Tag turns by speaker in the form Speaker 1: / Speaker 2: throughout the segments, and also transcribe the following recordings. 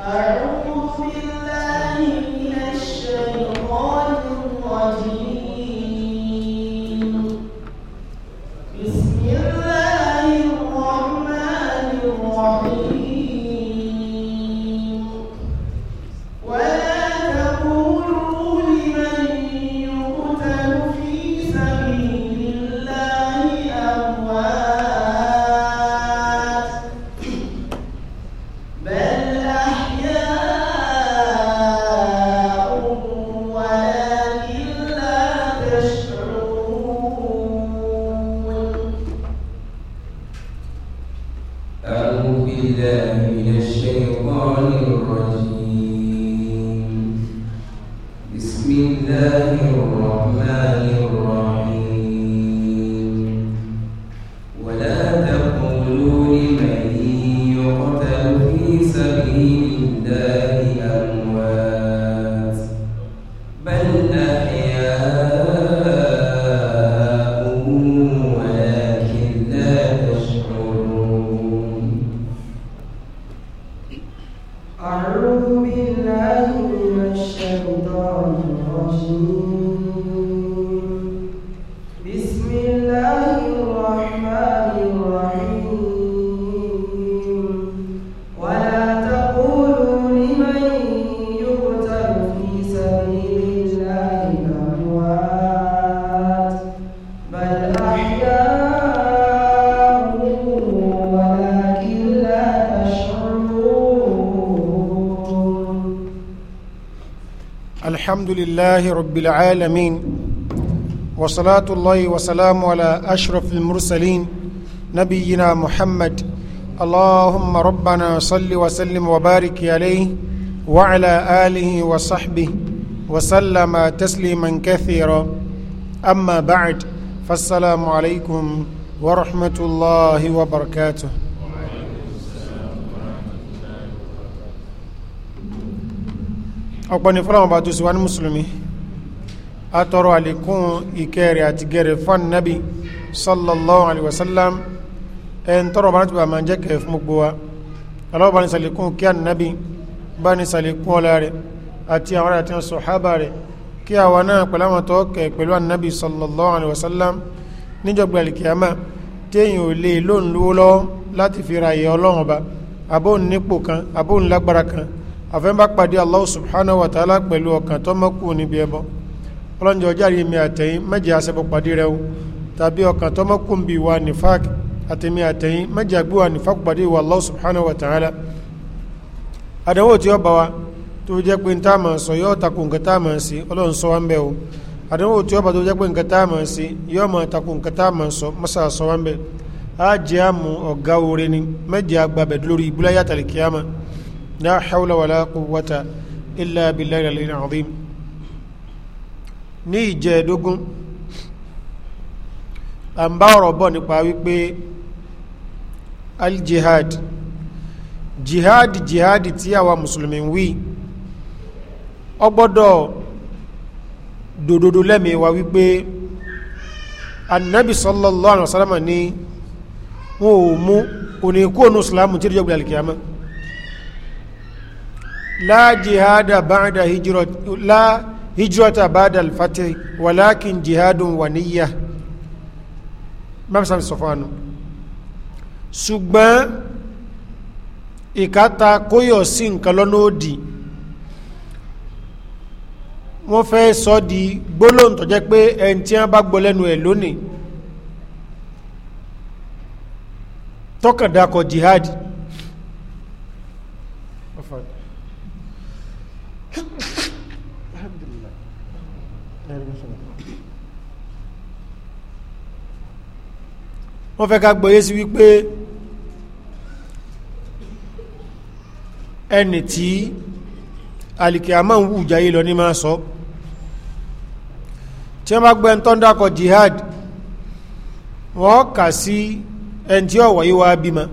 Speaker 1: أعوذ بالله لله رب العالمين وصلاة الله وسلام على أشرف المرسلين نبينا محمد اللهم ربنا صل وسلم وبارك عليه وعلى آله وصحبه وسلم تسليما كثيرا أما بعد فالسلام عليكم ورحمة الله وبركاته ọ̀pọ̀ ní fọ́lọ́mọba tó sì wá ní mùsùlùmí atọrọ àlékún ìkẹrẹ àti gẹrẹ fún nabi sallallahu alayhi wa sallam ẹn tọrọ bá nàtúbà máa jẹ́ kẹ̀ fún gbogbo wa aláwọ̀ bá ní sàlékún kí ànábì bá ní sàlékún ọlá rẹ̀ àti àwọn àti àwọn sọ̀hábà rẹ̀ kí àwa náà pẹ̀lú àwọn tó kẹ̀ pẹ̀lú ànábì sallallahu alayhi wa níjọba alikiyama téèyàn ò lè lóun lówó láti fi ra ìyà ọlọ́run ọba abó nípò kan abó ń lágbára kan àfẹ́ńbá pàdé Allah subhanahu wa ta'ala pẹ̀lú ọkàn tó mọ́kù níbi ẹbọ ọlọ́njọ́ járe mi àtẹ̀yìn mẹ́jẹ àṣẹbọ̀ pàdé rẹ̀ o tàbí ọkàn tó mọ́kùn bí wa nifak àtẹ̀mí àtẹ̀yìn mẹ́jẹ àgbéwà nifak pàdé wa Allah subhanahu wa ta'ala àdánwò tí ó bá wa tó jẹ́ pé ń táàmà sọ yóò takò nǹkan táàmà sí ọlọ́run sọ wá ń bẹ̀ o àdánwò tí ó bá tó jẹ́ pé nǹkan táàmà sí yóò máa takò nǹkan táàmà sọ mọ́sà sọ wá ń bẹ̀ á jẹ́ àmú ọ̀gá oore ni mẹ́jẹ àgbàbẹ̀ lórí ibúláyà tàlìkíyàmà la hawla wala quwwata illa billahi al-'azim ní ìjẹ́ẹ̀dógún à ń bá ọ̀rọ̀ bọ̀ nípa wípé al-jihad jihad jihad tí àwa mùsùlùmí wí ó gbọ́dọ̀ dòdòdó lẹ́mìí wa wípé annabi sallallahu alaihi wasallam ni wọn ò mú òní kú ònú islamu tí ó gbìyànjú kìyàmá la jihada ba'da hijrat la jihada hijrata ba'da al-fatih walakin jihadun wa niyyah mẹ́fẹ́sàmì sọ̀fánù ṣùgbọ́n ìkátà kóyọ̀ sí nǹkan lọ́nà òdì wọ́n fẹ́ sọ di gbólóhùn tó jẹ́ pé ẹni tí wọ́n bá gbọ́ lẹ́nu ẹ̀ lónìí tọkàndakọ̀ jihad wọ́n fẹ́ ká gbọ́yé sí wípé ẹni tí alìkìyàmá ń wù jayé lọ ní máa sọ tí wọ́n bá gbẹ́ ń tọ́ndà kọ jihad wọ́n kà sí ẹni tí ọ̀wọ̀ yìí bímọ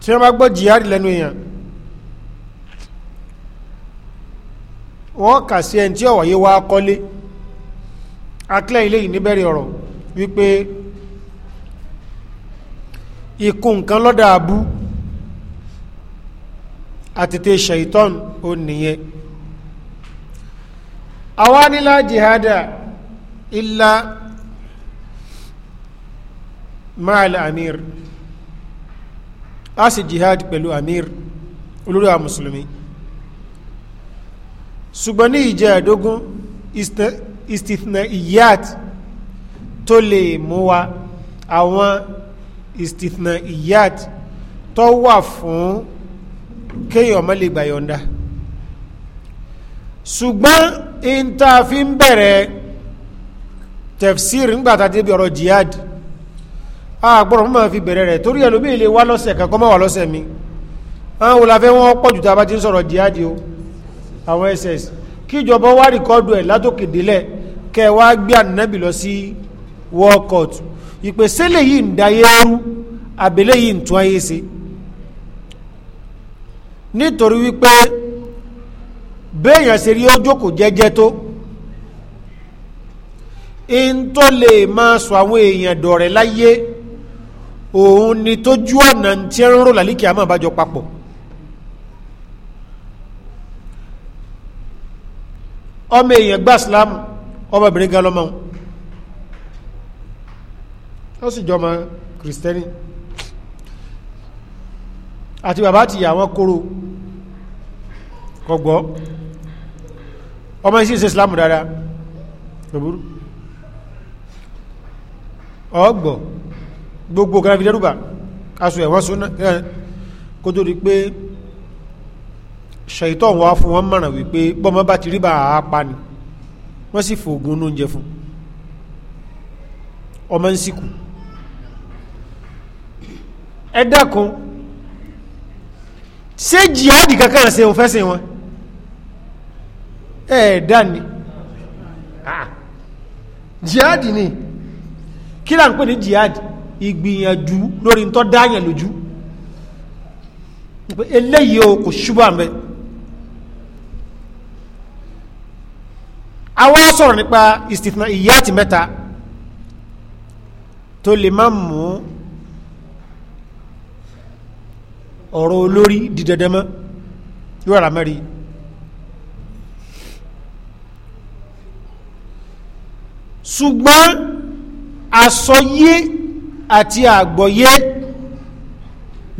Speaker 1: tí wọ́n bá gbọ́ jihad lẹ́nu èèyàn wọ́n kà sí ẹni tí ọ̀wọ̀ yìí kọ́lé akílẹ̀ ilé yìí níbẹ̀rẹ̀ ọ̀rọ̀ wípé ikú nǹkan lọ́dà abú àtètè shaitan ó nìyẹn àwa nílá jihada illa ma'al amir a sì jihad pẹ̀lú amir olórí àwọn mùsùlùmí ṣùgbọ́n ní ìjẹ́ àdógún istithna iyat tó lè mú wa àwọn istithna'iyat tó wà fún kéèyàn má lè gbà yọ̀ǹda ṣùgbọ́n in ta fi ń bẹ̀rẹ̀ tafsir ńgbàtà débi ọ̀rọ̀ jihad àgbọ̀rọ̀ mọ́ fi bẹ̀rẹ̀ rẹ̀ torí ẹlòmí ilé wa lọ́sẹ̀ kankan mọ́ wà lọ́sẹ̀ mi àwọn olàfẹ́ wọn pọ̀ jù tá a bá ti ń sọ̀rọ̀ jihad o àwọn ss kíjọba wá rìkọ́dù ẹ̀ látòkèdélẹ̀ kẹ́ wá gbé ànábì lọ sí war court ìpèsèlè yìí ń da yẹ́rú àbẹ̀lẹ̀ yìí ń tún ayé ṣe nítorí wípé béèyàn ṣe rí ó jókòó jẹ́jẹ́ tó ń tó lè máa sọ àwọn èèyàn dọ̀rẹ́ láyé òun ni tójú ọ̀nà tí ń rò lálíkì àmọ́ àbájọ papọ̀ ọmọ èèyàn gbà sílámù ọmọbìnrin gan lọ́mọ wọn wọ́n sì jọmọ kìrìsìtẹ́nì àti bàbá àti ìyá wọn kóró kọgbọ́ ọmọ yìí sì ṣe islam dáadáa lọ́bùrú ọgbọ̀ gbogbo kan fi dẹ́rùbà aṣọ ẹ̀wọ́n súnà kó tó di pé ṣèyítọ́ wọn fún wọn mọ̀ràn wípé bọ́mọ bá ti rí bá ni wọ́n sì fògùn oúnjẹ fún ọmọ ń sìnkú ẹ dákun ṣé jihadi kankan ṣe òfẹ́ sí wọn ẹ dá ni ah. jihadi ni kí là ń pè ní jihadi ìgbìyànjú lórí ntọ́ dáyàn lójú eléyìí o kò ṣubú àmì àwa sọ̀rọ̀ nípa ìyá àti mẹ́ta tó lè má mú ọ̀rọ̀ olórí di dandan mọ́ yóò rà mẹ́rin ṣùgbọ́n àsọyé àti àgbọ̀yé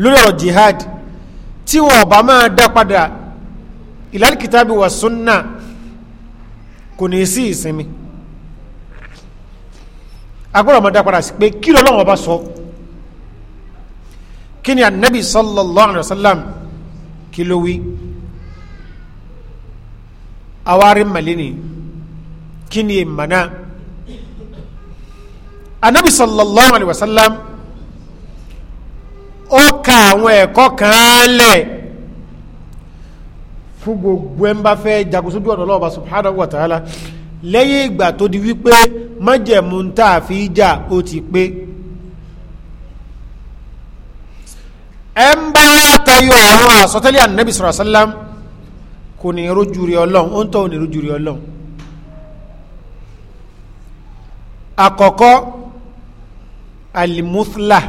Speaker 1: lórí ọ̀rọ̀ jihad tí wọ́n bá máa dá padà ìlàlìkítàbí wà súnnà kò ní sí ìsinmi agbọ́dọ̀ máa dá padà sí pé kí lọ́lọ́wọ́ bá sọ so kí ni anabi sallallahu alayhi wa sallam kí ló wí awari malini kí ni mana anabi sallallahu alayhi wa sallam ó ka àwọn ẹ̀kọ́ kan lẹ̀ fún gbogbo ẹ̀ ń bá fẹ́ jagun sójú ọ̀nà Ọlọ́run subhanahu wa ta'ala lẹ́yìn ìgbà tó di wípé májẹ̀mú ń tà fi jà ó ti pé. ẹ ń bá tayọ àwọn àsọtẹ́lẹ̀ ànábì sọ̀rọ̀ sálám kò ní rojú rí ọlọ́run ó ń tọ́ ní rojú rí ọlọ́run àkọ́kọ́ alimuthla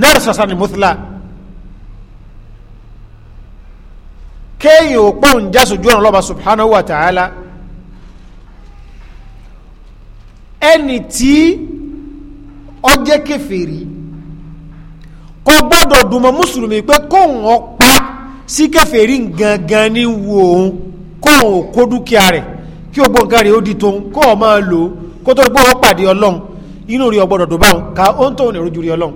Speaker 1: náà sọ̀sọ́ alimuthla kéèyàn ò pọ́n jásojú ọ̀nà lọ́ba subhanahu wa ta'ala ẹni tí ọjẹ́ kèfèrí kò gbọ́dọ̀ dùnmọ́ mùsùlùmí pé kóun ọ̀pá sí kèfèrí gangan ní wo òun kóun ò kó dúkìá rẹ̀ kí o gbọ̀ngàn rẹ̀ ó di tóun kó o máa lò ó kó tó gbọ́ pàdé ọlọ́run inú rí ọgbọ́dọ̀ dùn báwọn ká ó ń tóun ìrojú rí ọlọ́run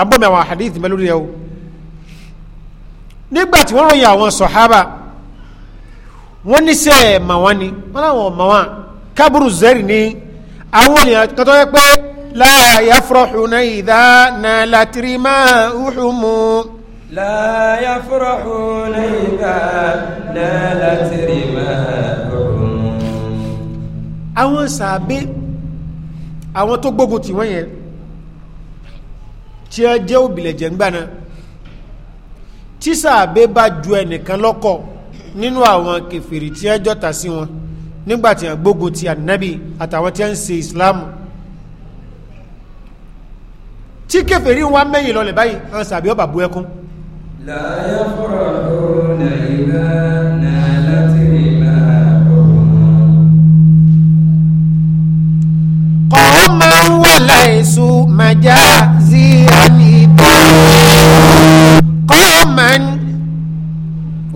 Speaker 1: àbọ̀mí àwọn àhàdíìtì mẹ́lú rí ẹ o nígbà tí wọ́n ròyìn àwọn sọ̀hábà wọ́n ní sẹ́ ẹ̀ mà ni wọ́n láwọn mà wọ́n kábùrù zẹ́rì ní àwọn èèyàn kan yẹ pé لا يفرحون إذا نالت رماؤهم لا يفرحون إذا نالت رماؤهم àwọn sàbẹ àwọn tó gbógun tì wọ́n yẹn tí a jẹ́ òbílẹ̀jẹ̀ ń gbàna tí sàbẹ bá ju ẹnìkan lọ́kọ̀ nínú àwọn kèfèrí tí a jọta sí wọn nígbà tí a gbógun ti ànábì àtàwọn tí a ń ṣe ìsìláàmù tí kèfèrí wa mẹ́yìn lọlẹ̀ báyìí àwọn sàbí ọba bu ẹkún. láyé fọ̀rọ̀ lónà ìgbà náà láti rí bá ọ̀rọ̀. kọ́ máa ń wà láìsù màjá sí àmì tó. kọ́ máa ń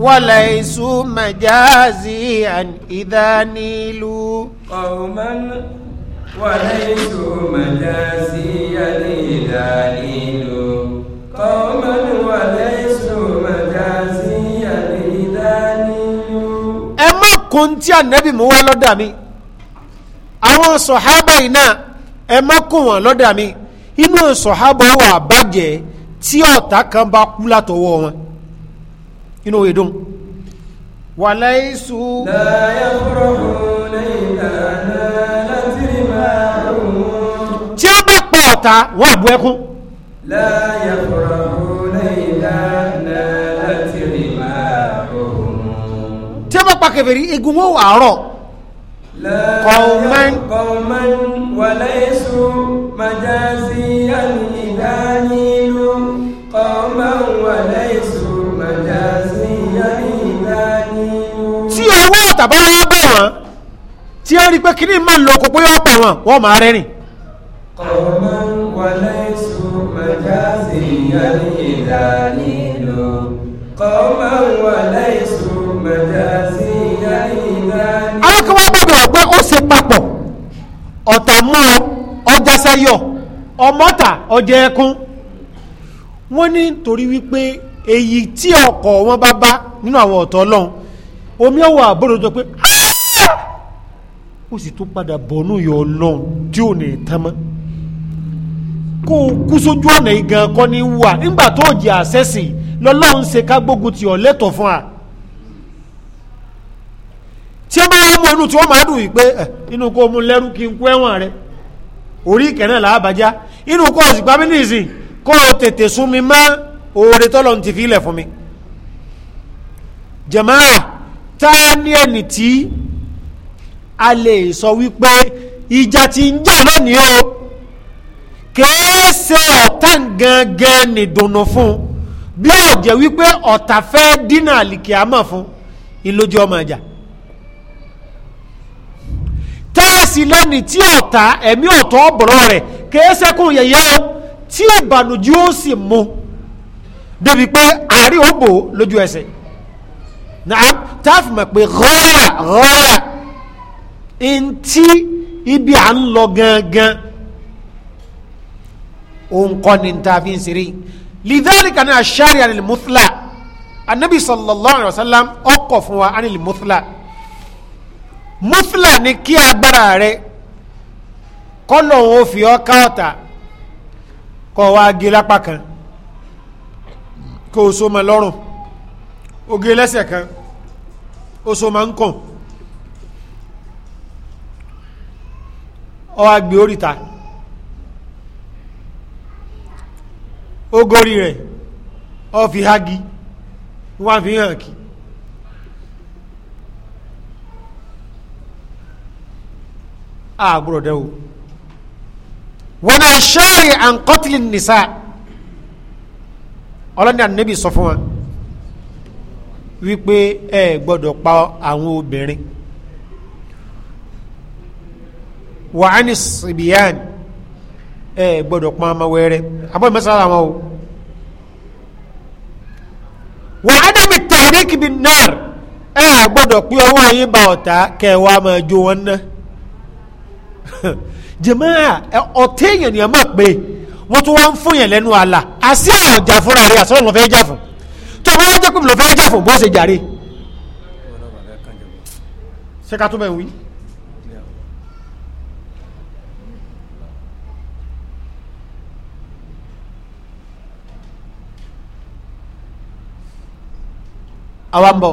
Speaker 1: wà láìsù màjá sí àmì ìdánilú. kọ́ máa ń. وليس مجازيا دليل قوما وليس مجازيا دليل ẹ má kún tí ànábì mú wá lọ́dà mi àwọn sọ̀hábà yìí náà ẹ má kún wọn lọ́dà mi inú sọ̀hábà wà bàjẹ́ tí ọ̀tá kan bá kú látọwọ́ wọn inú ìdún wàlẹ́ ìṣù. láyé fúrọ̀hún lẹ́yìn dáná. ọ̀tá wọ́n àbú ẹkún. láyà fọ̀rọ̀ lẹ́yìn náà láti rí máa òun. tí a bá pa kèfèrí egun wọn wà rọ̀ kọ̀ọ̀mán kọ̀ọ̀mán wàlẹ́sù màjásí àníìdánílù kọ̀ọ̀mán wàlẹ́sù màjásí àníìdánílù. tí owó ọ̀tá bá wá bọ̀ wọ́n tí a rí i pé kíní máa ń lo kókó yóò wọn wọ́n máa rẹ́rìn. قوما وليسوا مجازي إذا نيلوا قوما وليسوا مجازي إذا نيلوا àwọn kan wá bẹ̀rẹ̀ ọ̀pẹ́ ó ṣe papọ̀ ọ̀tà mọ́ ọjà sáyọ̀ ọmọta ọjà ẹkún wọ́n ní torí wípé èyí tí ọkọ̀ wọn bá bá nínú àwọn ọ̀tọ̀ ọlọ́run omi ọwọ́ àbúrò tó pé ó sì tún padà bọ̀ nù yọ ọlọ́run tí ò ní tán mọ́. kó o kú sójú ọ̀nà igan kọ́ ní wà nígbà tó o jẹ àṣẹ́sì lọ́lọ́run ṣe ká gbógun tì ọ́ fún wa tí ó bá wá mú ọdún tí wọ́n máa dùn yìí pé inú kó mú lẹ́rú kí n kú ẹ̀wọ̀n rẹ orí ìkẹ́ náà làábàjá inú kó o sì pa mí nìyí kó o tètè sun mi mọ́ oore tọ́lọ́run ti fi ilẹ̀ fún mi ẹni tí a lè sọ wípé ìjà ti ń jà lónìí o. kèé ṣe ọ̀tá gangan nìdùnnú fún bí ọ̀jẹ̀ wípé ọ̀tá fẹ́ dínà àlìkè àmọ̀ fún ìlójú ọmọ ìjà tẹ́ẹ̀sì lẹ́ni tí ọ̀tá ẹ̀mí ọ̀tọ̀ ọ̀bọ̀rọ̀ rẹ̀ kèé ṣẹ́kùn yẹ̀yẹ́ o tí ìbànújú ó sì mú débi pé àárín òbò lójú ẹsẹ̀ náà táàfù mọ̀ pé rárá rárá ntí ibi à ń lọ gangan òun kọ́ ni ta fi ń ṣeré lidhalika ní aṣáárí anil muthla anabi sallallahu alayhi wa sallam ọkọ̀ fún wa anil muthla muthla ni kí agbára rẹ kọ́lọ̀ òun fi ọ́ ká ọ̀tà wa gé lápá kan kó so ma lọ́rùn o gé kan o so ma ń kàn ọ́ wa gbé oríta. ogori rẹ ọ fi nwa fi hàn kí. àgbọ̀rọ̀ dẹ́wò wọn náà ṣáàrì à ń kọ́tìlì nìsá ọlọ́ni ànábì sọ fún wa wípé ẹ gbọ́dọ̀ pa àwọn obìnrin wàá ní ẹ gbọ́dọ̀ pọn ọmọ wẹrẹ abọ́ mẹ́sàn-án àwọn o. wà á dẹ́mi tẹ̀rí kìbi náà ẹ gbọ́dọ̀ pé ọwọ́ yín bá ọ̀tá kẹwàá máa jó wọn ná. jẹ̀mọ́à ọ̀tẹ́ èèyàn ni ẹ máa pè é wọ́n tún wá ń fún yẹn lẹ́nu àlà àṣì ọ̀jà fúnra rẹ̀ àṣọ ló fẹ́ jà fún bá wọ́n jẹ́ pé ló fẹ́ jà jàre. ṣé ká tó bẹ́ẹ̀ wí. àwa ń bọ̀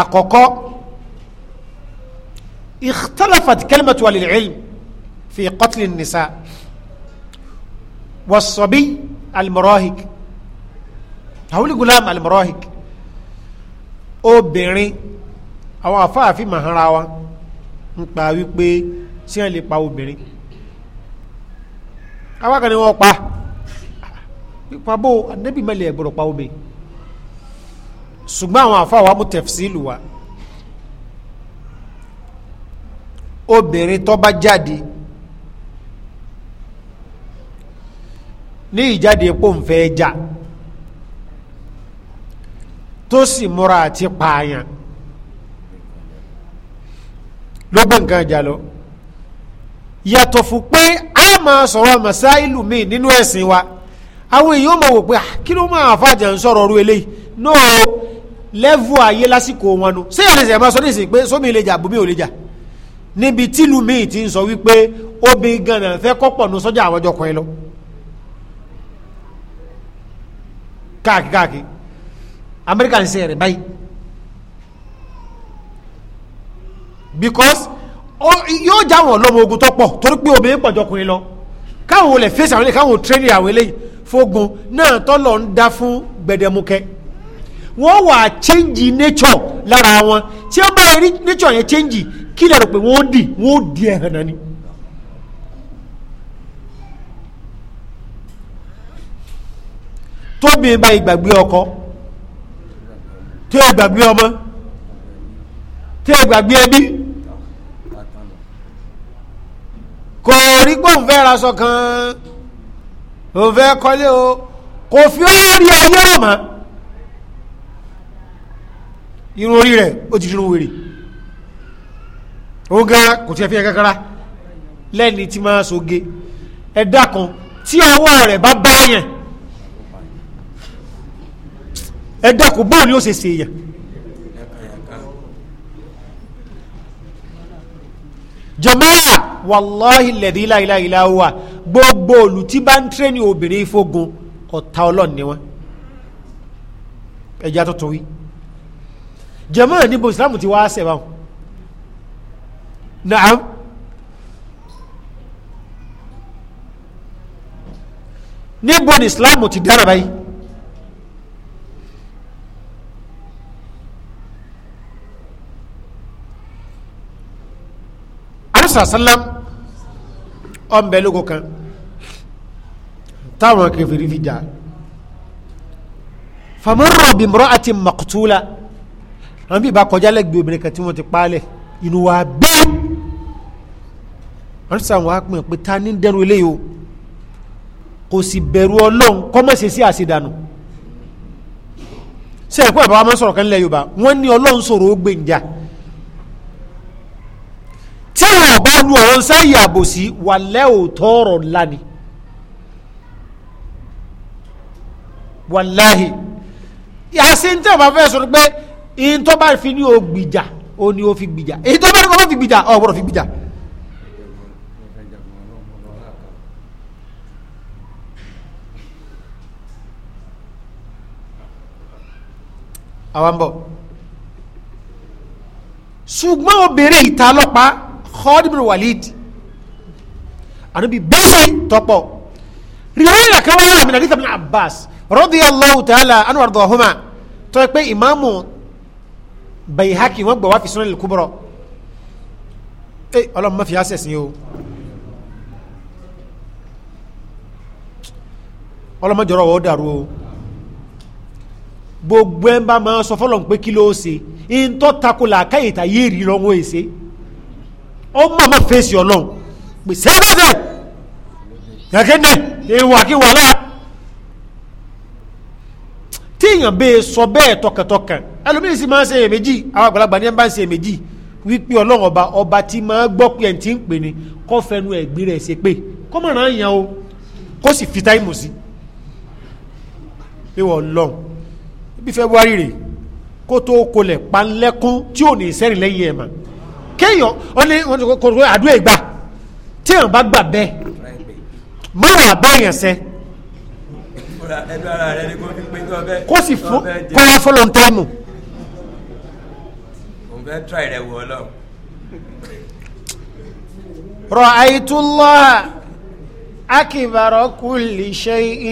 Speaker 1: àkọ́kọ́ ikhtalafat kalimatu walil ilm fi qatl nisa wasabi almurahik hawli gulam almurahik obìnrin àwọn àfáàfin mahara wa ń pa wípé tí wọ́n lè pa obìnrin àwọn kan pa pípabó anabi mẹ́lẹ̀ ẹ̀gbọ́dọ̀ pa omi ṣùgbọ́n àwọn àfáà wa mú tẹ̀fsíìlù wa obìnrin tó bá jáde ní ìjáde epo ń fẹ́ jà tó sì múra àti pààyàn ló gbé nǹkan jà lọ yàtọ̀ fún pé a máa sọ̀rọ̀ màsáìlù míì nínú ẹ̀sìn wa àwọn èèyàn mọ̀ wò pé ah, kí ló máa fàjà ń sọ̀rọ̀ ọ̀rọ̀ eléyìí náà lẹ́vù ayé lásìkò wọn nu ṣé ẹ̀rẹ̀ ṣẹ̀ máa sọ nísìnyí pé sómi lè jà bómi ò lè jà níbi tílu míì ti ń sọ wípé obìnrin ganan fẹ́ kọ́pọ̀ nu sọ́jà àwọn ọjọ́ kan ẹ lọ káàkiri káàkiri amẹ́ríkà ń ṣe ẹ̀rẹ̀ báyìí because yóò já wọn lọ́mọ ogun tó pọ̀ torí pé obìnrin pọ̀ jọkùnrin lọ káwọn olè fèsì àwọn ilé káwọn ò tẹ́lẹ̀ àwọn eléyìí fógun náà tọ́lọ̀ ń dá fún gbẹdẹmukẹ wọ́n wà change nature lára wọn tí wọ́n bá rí nature yẹn change kí lè rò pé wọ́n dì wọ́n dì ẹ̀hàn náà ni. tóbi bá ìgbàgbé ọkọ tí ó gbàgbé ọmọ tí ó gbàgbé ẹbí kò rí pọ̀ ń fẹ́ kan òun fẹ́ kọ́lé o kò fi ọ́ọ̀rí ayé rọ̀ mọ́ irun orí rẹ̀ ó ti dúró wèrè ó gán kò tiẹ̀ fi ẹ̀ kankanra lẹ́ni tí máa soge ẹ̀dá kan tí ọwọ́ rẹ̀ bá bá yẹn ẹ̀dá kò bóun ni ó ṣe yẹn. jọ̀mọ́ra wàláhì lẹ̀dí láìláìlá wà gbogbo olù tí bá ń tírẹ́nì obìnrin fógun ọ̀tá ọlọ́run ni wọ́n ẹja tuntun wí jẹ́mọ́ níbo ìsìlámù ti wá sẹ̀wá wọn naam níbo ni ìsìlámù ti dára báyìí arúsàsálàmù ọ̀nbẹ lóko kan táwọn kẹfìrí fi jà famaru bi mọ́rọ́ àti makutula àwọn bí ìbá kọjá lẹ́gbẹ̀ẹ́ obìnrin kan tí wọ́n ti pálẹ̀ inú wa bí wọ́n sàn wá pè pé ta ní dẹrù eléyìí o kò sì bẹ̀rù ọlọ́run kọ́mọ̀sí sí àṣìdànù sẹ́yìn pé àbáwá máa ń sọ̀rọ̀ kan lẹ́yìn yorùbá wọ́n ní ọlọ́run sọ̀rọ̀ ó gbèǹjà ń sáyè àbòsí wà lẹ́òótọ́ ọ̀rọ̀ ńlá ni wàláhì yasin tí o bá fẹ́ sọ pé ìyìn tó bá fi ní o gbìjà o ní o fi gbìjà ìyìn tó bá ní o fi gbìjà o gbọ́dọ̀ fi gbìjà. àwọn bọ̀ ṣùgbọ́n obìnrin ìta lọ́pàá. Khalid bin Walid ànábi bẹ́ẹ̀ tọ́pọ̀ rìhánà kan wáyà àmì nàdí sàbìn Abbas radiyallahu ta'ala anhu ardahuma tó yẹ pé ìmáàmù Bayhaqi wọ́n gbọ̀ wá fi Sunan al-Kubra ẹ ọlọ́mọ fi àṣẹ sí o ọlọ́mọ jọrọ wọ́n dàrú o gbogbo ẹ̀ ń bá máa sọ fọlọ́n pé kí ló ṣe ń tọ́ takò làákàyè tà yé rí lọ́wọ́ ó mọ̀ mọ̀ fèsì ọlọ́run pèsè bẹ́ẹ̀ kẹ̀kẹ́dẹ̀ ìwàkiwà náà tí èèyàn bẹ́ẹ̀ sọ bẹ́ẹ̀ tọkàntọkàn ẹlòmíì sì máa ń ṣe èméjì àwọn àgbàlagbà ní ẹ bá ń ṣe èméjì wípé ọlọ́run ọba ọba tí máa gbọ́ pé ẹni tí ń pè ní kọ́ fẹnu ẹ̀gbin rẹ̀ ṣe pé kọ́ mọ̀ràn àyàn o kó sì fi táìmù sí ìwọ ọlọ́run ibi fẹ́ wárí rè kó tó kolẹ̀ panlẹ́kún tí ò ní sẹ́rìn lẹ́yìn ẹ̀ mà kéèyàn ó ní kòtò àdúrà ìgbà tí èèyàn bá gbà bẹ́ẹ̀ má wà báyàn sẹ́ kó sì fún kọ́lá fọlọ́n táìmù. رأيت الله أكبر كل شيء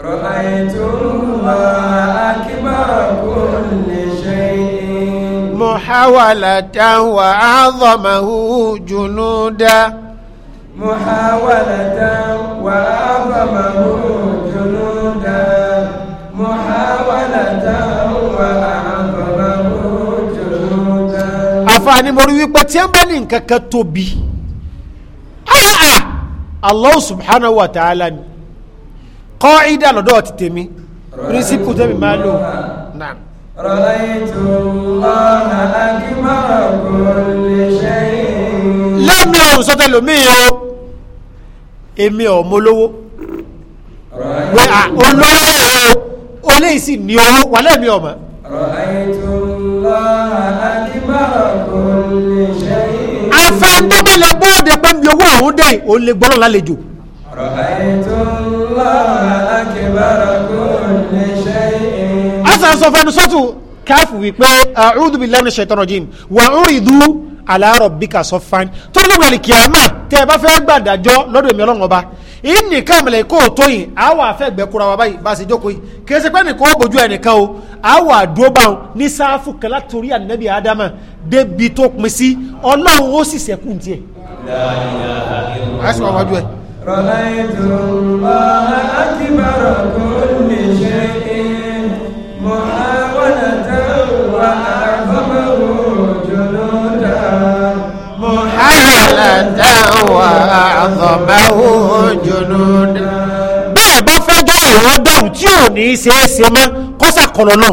Speaker 1: رأيت الله أكبر كل شيء محاولة وأعظمه جنودا محاولة وأعظمه جنودا محاولة وأعظمه جنودا àfààní mo rí wípé tí ẹ bá ní nǹkan kan tóbi Allah subhanahu wa ta'ala ni kọ́ ìdá lọ́dọ̀ ti tèmi pírísìpù tẹ́mi máa lò náà. رأيت الله أكبر كل شيء lẹ́mi ò sọ́tẹ̀ lómi o èmi ò mọ́lówó olówó o olóyìn sì ní owó wà lẹ́mi ọ̀mọ́. رأيت الله أكبر pé mi owó òun dẹ̀ ò lè gbọ́rọ̀ lálejò. رأيت الله أكبر كل شيء ń sọ fẹ́nu sọ́tù káfù wípé a'udhu billahi minash shaitani rajim wa uridu ala rabbika saffan torí nígbà ní kìámà tẹ́ ẹ bá fẹ́ gbàdájọ́ lọ́dọ̀ èmi ọlọ́run ọba ìní kàmìlẹ̀ kó o tó yìn àwọn afẹ́gbẹ́ kura wa báyìí bá a ṣe jókòó yìí kì í ṣe pé nìkan ó bójú ẹnìkan o àwọn àdúróbà wọn ní sáfù kan látòrí ànábì ádámà débi tó pin sí ọlọ́run ó sì ṣẹ́kù tiẹ̀. àìsàn àwọn àjọ ẹ. rọ̀lá ètò ìlú wa akíbarọ̀ kò ní ṣe وأعظمه جنودا bẹ́ẹ̀ bá fẹ́ dá ìran dáhùn tí ò ní í ṣe é ṣe mọ́ kó ṣàkọlọ náà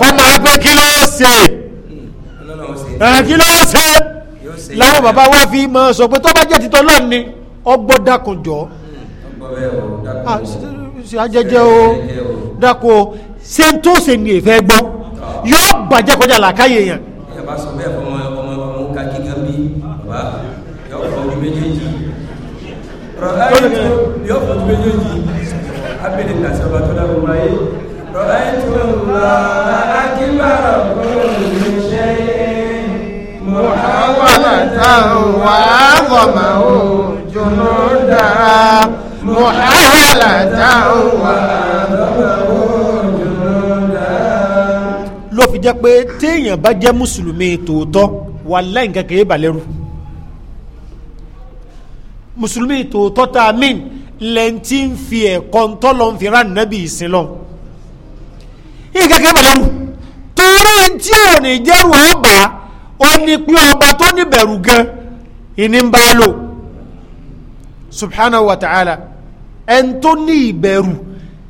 Speaker 1: kó máa pé kí ló ṣe ẹ̀ kí ló ṣe làwọn bàbá wa fi máa sọ pé tó bá jẹ́ títọ́ lọ́ọ̀ ni ọgbọ́n dákun jọ ah, ajẹjẹ o dako o ṣe ń tó ṣe ni èfẹ́ gbọ́ yóò bàjẹ́ kọjá làákàyè yẹn. rọ̀ẹ́tù yóò fún tún méjèèjì abẹ́lẹ̀ tàṣẹ ọba tó dábò wáyé rọ̀ẹ́tù lọ akíbàrọ̀ kúrò ní ló fi jẹ́ pé téèyàn bá jẹ́ mùsùlùmí tòótọ́ wàláhì nǹkan kìí bàlẹ́rù mùsùlùmí tòótọ́ tá a mìn lẹ́ǹtì ń fi ẹ̀kọ́ ńtọ́ lọ́n fi rán nàbì ìsìn lọ. ìkẹ́kẹ́ bẹ̀rẹ̀ rù torí tí ò ní jẹ́rù ọba ó ní pé ọba tó ní bẹ̀rù gan ìní ń bá a lò subhanahu wa ta'ala ẹni tó ní ìbẹ̀rù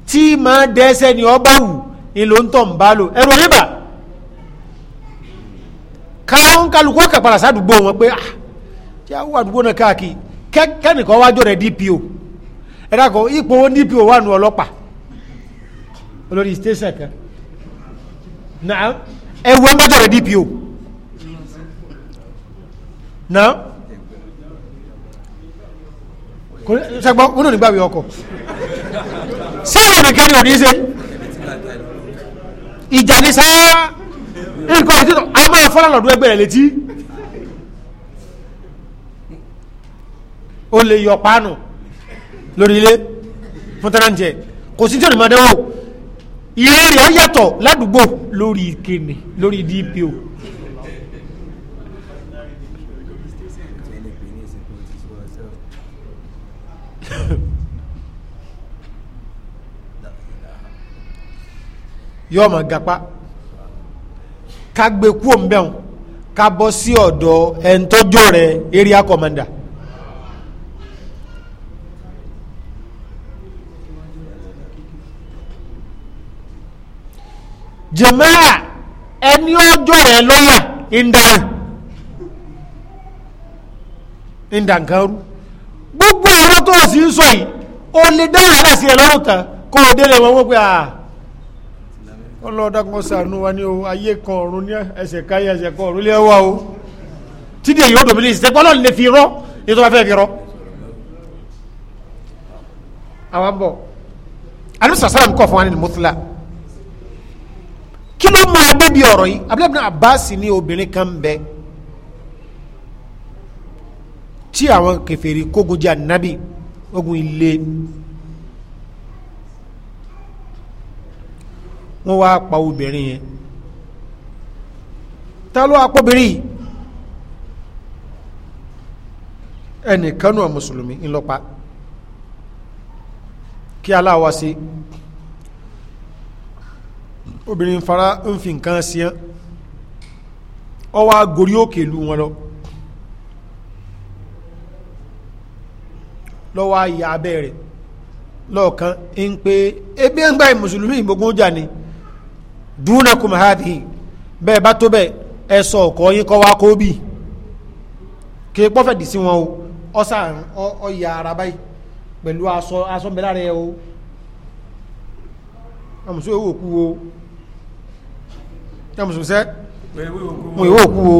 Speaker 1: tí máa dẹ́sẹ̀ ni ọba wù ni ló ń tọ̀ ń bá a lò ẹ̀rù ọ̀rẹ́bà káwọn kálukú ọ̀kà padà sádùúgbò wọn pé ah tí a àdúgbò náà káàkiri kẹ́nìkan wájú rẹ̀ DPO ẹ dàkọ ipò DPO wà nù ọlọ́pàá olórí station kan na ẹ wọ́n wájú rẹ̀ DPO na sẹgbọ́n wọn ò ní gbàgbé ọkọ̀ sẹ́yìn nìkan ni ò ní ṣe ìjà ni sáà nǹkan ìtìtọ̀ a máa fọ́nà lọ́dún ẹgbẹ́ rẹ̀ létí. ó lè yọ páànù lórí ilé fún tẹ́rẹ̀ǹjẹ kò sí tí ò ní máa dẹ́wọ́ ilé rẹ̀ yàtọ̀ ládùúgbò lórí ìkéne lórí dpo yóò máa gapá ká gbé kú òǹbẹ̀hùn ká bọ́ sí ọ̀dọ̀ ẹ̀ńtọ́jọ́ rẹ̀ area commander jẹ̀mẹ́à ẹni ọjọ́ ẹ̀ lọ́yà ìndàrà ìndàǹkanrú gbogbo ọ̀rọ̀ tó sì ń sọ yìí o lè dá wàhálà sí ẹ lọ́rùn tán kó o délé wọn wọ́n pé à ah, ọlọ́dàgbọ́n sànú wa ní o ayé kan ọ̀run ní ẹsẹ̀ káyé ẹsẹ̀ kan ọ̀run lé wa o tíde yìí ó dòbílẹ̀ ìsẹ́gbọ́n náà lè fi rọ́ ètò afẹ́ fi rọ́ àwọn bọ̀ alùsàsàràm kọ̀ fún wa ní mùtúlá kí ló máa débi ọ̀rọ̀ yìí Abdullahi bin Abbas ní obìnrin kan bẹ tí àwọn kèfèrí kógun jà nábì ogun ilé wọ́n wá pa obìnrin yẹn ta ló apọ́bìnrin yìí ẹnìkan náà mùsùlùmí ńlọpa kí aláwa sí. obìnrin fara ń fi nǹkan ọ wá gorí òkè wọn lọ lọ́wọ́ ayà abẹ́ rẹ̀ lọ́ọ̀kan ń pé ebi ń gba mùsùlùmí ìgbógun jà ni dúnàkùn mahadi bẹ́ẹ̀ bá tó bẹ́ẹ̀ ẹ sọ ọ̀kọ́ yín kọ́ wá kó bì kí sí wọn o ọsàn ọyà ara báyìí pẹ̀lú aṣọ aṣọ mẹ́lára ẹ o àmùsùn ewu òkú o. ní mùsùlùmí sẹ́ wọn ìwé òkú o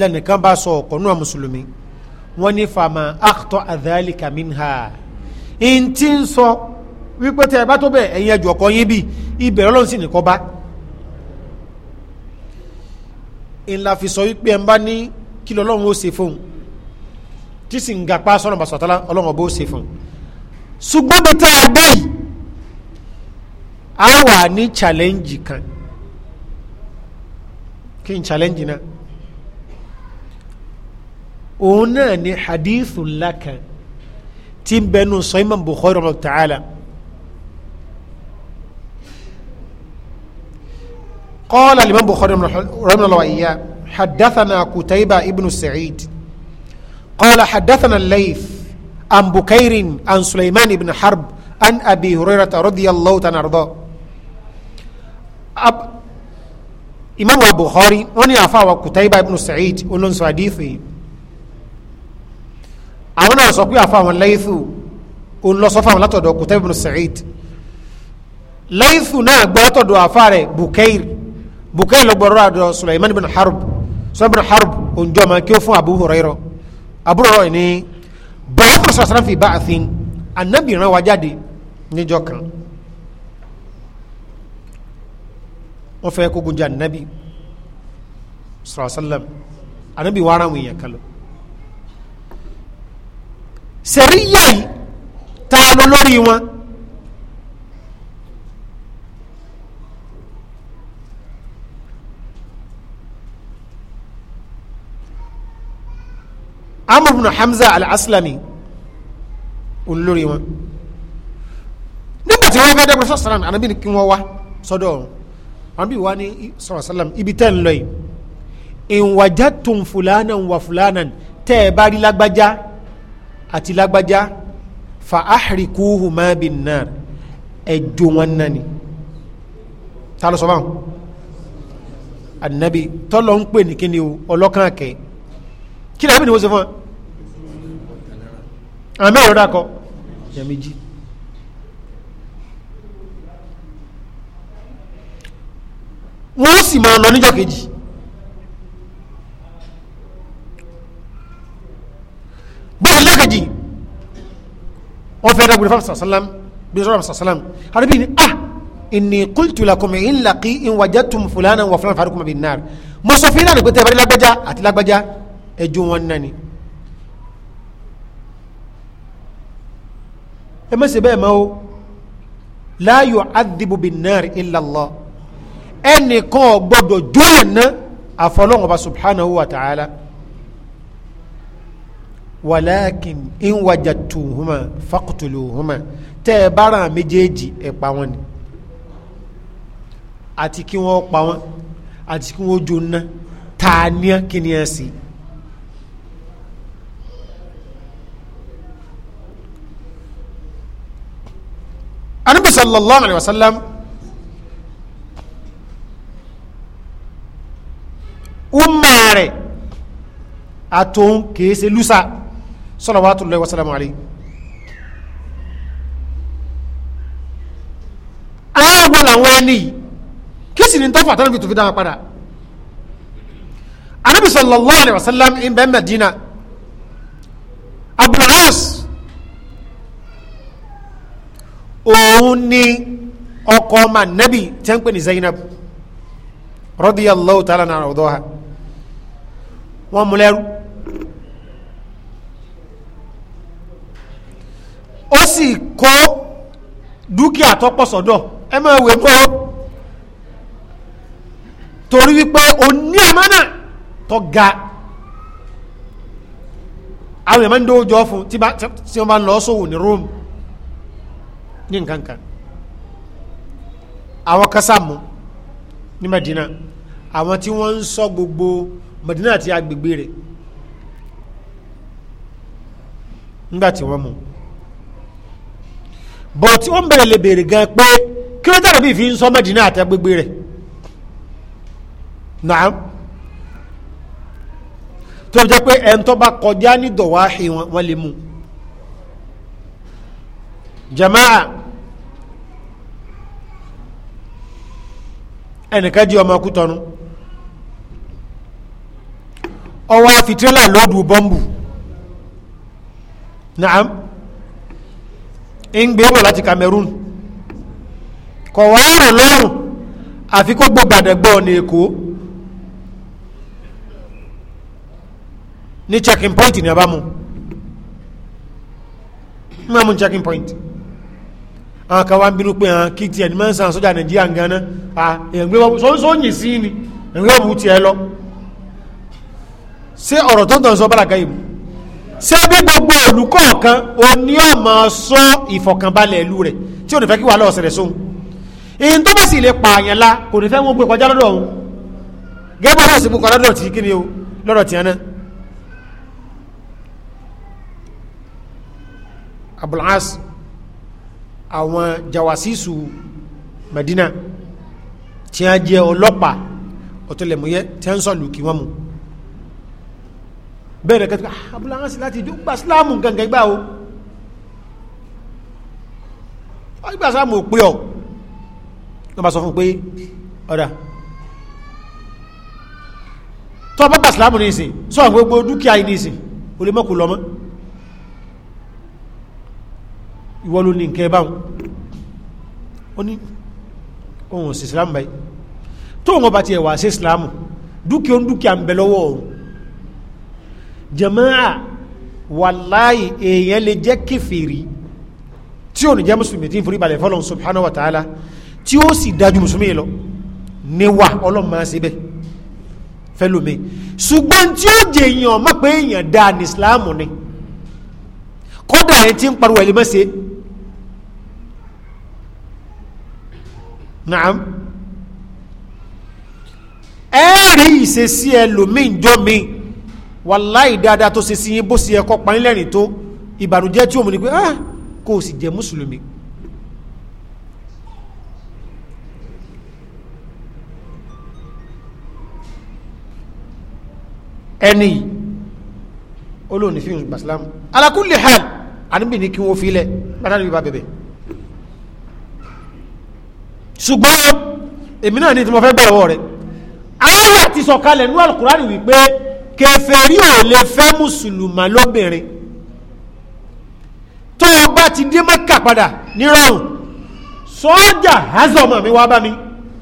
Speaker 1: lẹ́nìkan bá sọ ọ̀kọ̀ náà mùsùlùmí wọ́n ní fama akhtọ adhalika minha n ti ń sọ wípé tẹ ẹ bá tó bẹ́ẹ̀ ẹ̀yin ẹjọ́ ọkọ yín bí ibẹ̀rẹ̀ ọlọ́run sì nìkan bá ńlá fi sọ wípé ẹ̀ ń bá ní kí lọ́lọ́run ó ṣe fóun tí sì ń gapá sọ́nà bàṣọ̀tálá ọlọ́run ọba ó ṣe fóun ṣùgbọ́n bí tá a dé yìí a wà ní challenge kan. kí n challenge náà òun náà ni hadithu ńlá kan tí ń bẹnu sọ imam bukhari ọmọ ta'ala قال الإمام بخاري رحمه الله إياه حدثنا كتيبة ابن سعيد قال حدثنا الليث عن بكير عن سليمان بن حرب عن أبي هريرة رضي الله عنه أرضاه imam wa bukhari wọ́n ní àfa wa kutaiba ibn sa'id olóńsọ hadithi àwọn náà sọ pé àfa wọn laythu olóńsọ fáwọn látọ̀dọ̀ kutaiba ibn sa'id laythu náà gbọ́ látọ̀dọ̀ àfa rẹ̀ bukair bukair ló gbọ́ látọ̀dọ̀ suleiman ibn harb suleiman ibn harb onjọ́ ma kí ó fún abu hurairah abu hurairah ni bàbá sọ̀rọ̀ sọ̀rọ̀ fi ba'athin anabi rán wa jáde níjọ́ kan. wọ́n fẹ́ kógun jà nábì sọ̀rọ̀sọ́lẹ̀m anábì wàrà àwọn èèyàn kan lọ. sẹ̀ríyà yìí ta ló lórí wọn. amr bin hamza al-aslami olórí wọn nígbà tí wọ́n fẹ́ dẹ́gbẹ́sọ̀ sọ̀rọ̀ ni kí wọ́n wá sọ́dọ̀ ọ̀hún àbí wa ni sọ̀rọ̀ sálàm ibi tẹ́ ń lọ yìí ìwàjá tún fúlànà wà fúlànà tẹ́ ẹ bá rí lágbájá àti lágbájá fa áhìrìkúhù má bi náà ẹ jó wọn náà ni ta ló sọ báwọn ànábì tọ́lọ́ ń pè ní o ọlọ́kàn kẹ́ kí ni àbí ni fún wa àmì ìrora kọ yàmi jí. wọ́n ó sì máa lọ níjọ́ kejì báyìí níjọ́ kejì wọ́n fẹ́ dágbére fáfisà sálám bí sọ́rọ̀ fáfisà sálám àdébí ni ah inni qultu lakum in laqi in wajadtum fulana wa fulana farukum bin nar mo sọ fún yín láti pé lágbájá àti lágbájá ẹjọ́ wọn náà ni ẹ bẹ́ẹ̀ mọ́ o la ẹnìkan ò gbọdọ̀ jó àná àfọlọ́wọ́n bá subhanahu wa ta'ala walakin in wajadtuhuma faqtuluhuma tẹ́ ẹ bára méjèèjì ẹ pa wọ́n ni àti kí wọ́n pa wọ́n àti kí wọ́n jóná tààníà kí ni ẹ alayhi wa sallam. umma rẹ̀ àtòun kìí ṣe lúsà salawatullahi wa salamu alayhi àwọn làwọn ẹni kí sì ní tọ́fà tọ́lá tó fi dáwọn padà anabi sallallahu alayhi wa sallam ibẹ̀ Madina Abul As òun ni ọkọ ọmọ nabi tẹ́ ń pè ní Zainab radiyallahu ta'ala anha ọ̀dọ́ ha wọ́n mú lẹ́rú ó sì kó dúkìá tọ́pọ̀ sọ́dọ̀ ẹ máa wé mọ́ torí wípé o ní àmánà tó ga àwọn èèyàn máa ń dójọ́ fún tí wọ́n bá ń lọ sówò ní Rome ní nǹkan àwọn kásámù ní Medina àwọn tí wọ́n ń sọ gbogbo Madina àti agbègbè rẹ̀ nígbà wọ́n mú bọ̀ tí wọ́n bẹ̀rẹ̀ lè béèrè gan pé kí ló tàbí fi ń sọ Madina àti agbègbè rẹ̀ jamaa ẹnìkan jí ọmọ kú ọwọ́ àfitírẹ́là lóòdù bọ́m̀bù naam ń gbé bọ̀ láti Cameroon kọ̀ wá rò lọ́rùn àfi kó gbọ́gbàdẹ̀gbọ́ ọ̀nà èkó ní checking point ní abamu mọ́ mú checking point àwọn kan wá ń bínú pé àwọn kí tiẹ̀ ní mọ́ sójà Nàìjíríà ń à èèyàn gbé bọ́ sọ́nsọ́ sí ni èèyàn gbé bọ́ tiẹ̀ lọ ṣé ọ̀rọ̀ tó ń tọ̀ sọ bárakà yìí mu ṣé bí gbogbo olùkọ̀ọ̀kan òní ọmọ sọ ìfọ̀kànbalẹ̀ ìlú rẹ̀ tí ò ní fẹ́ kí wàhálà ọ̀sẹ̀rẹ̀ sóhun èyí tó bá sì lè pààyàn la kò ní fẹ́ wọn gbé kọjá lọ́dọ̀ òun gẹ́gẹ́ bá wọ́n sì mú kọjá lọ́dọ̀ tí kí ni o lọ́dọ̀ tí yẹn abulhas àwọn jawasisu Madina tí a jẹ ọlọ́pàá ọ̀tọ̀lẹ̀múyẹ́ tí a ń sọ̀lù kí wọ́n mú bẹ́ẹ̀rẹ̀ kẹtù ah, abúlé hàn sí láti ìjọ gba síláàmù gàngàn gbà o ọgbà ah, síláàmù ò pé ọ ló bá sọ fún pé ọ̀dà tó ọba gba síláàmù ní ìsìn sọ àwọn gbogbo dúkìá yìí ní ìsìn o lè mọ́kù lọ́mọ́ ìwọ ló ní nǹkẹ́ báwọn ó ní ohun sí síláàmù báyìí tó wọn bá tiẹ̀ wà sí síláàmù dúkìá ń dúkìá ń bẹ lọ́wọ́ ọ̀run jama'a wàláyì èèyàn lè jẹ́ kèfèrí tí ò ní jẹ́ mùsùlùmí tí ń forí balẹ̀ fọlọ́n subhanahu wa ta'ala tí ó sì dájú mùsùlùmí lọ ní wa ọlọ́run máa ṣe bẹ́ẹ̀ fẹ́lómi ṣùgbọ́n tí ó jẹ èèyàn mọ̀ pé èèyàn dáa ní ìsìláàmù ni kódà yẹn ti ń pariwo ẹ̀lẹ́mọ́ ṣe naam ẹ̀ẹ́rì ìṣesí ẹlòmíì jọ́ wàláì dáadáa tó ṣe sí yín bó ṣe ẹ̀kọ́ panilẹ́rìn tó ìbànújẹ́ tí òun ni pé ah kó o sì jẹ́ mùsùlùmí. ẹni olóòní fi hùn gbàsílámù ala kulli hal àníbì ní kí wọ́n fi lẹ̀ bàtà níbi bá bẹ̀bẹ̀ ṣùgbọ́n èmi náà ní tí mo fẹ́ gbà lọ́wọ́ rẹ̀ ayé àti sọ̀kalẹ̀ nú alukurani wípé kèfèrí ò lè fẹ́ mùsùlùmá lóbìnrin tó o bá ti dé mẹ́kà padà nírọ̀rùn sọ́jà hazọ́mọ̀ mi wá bá mi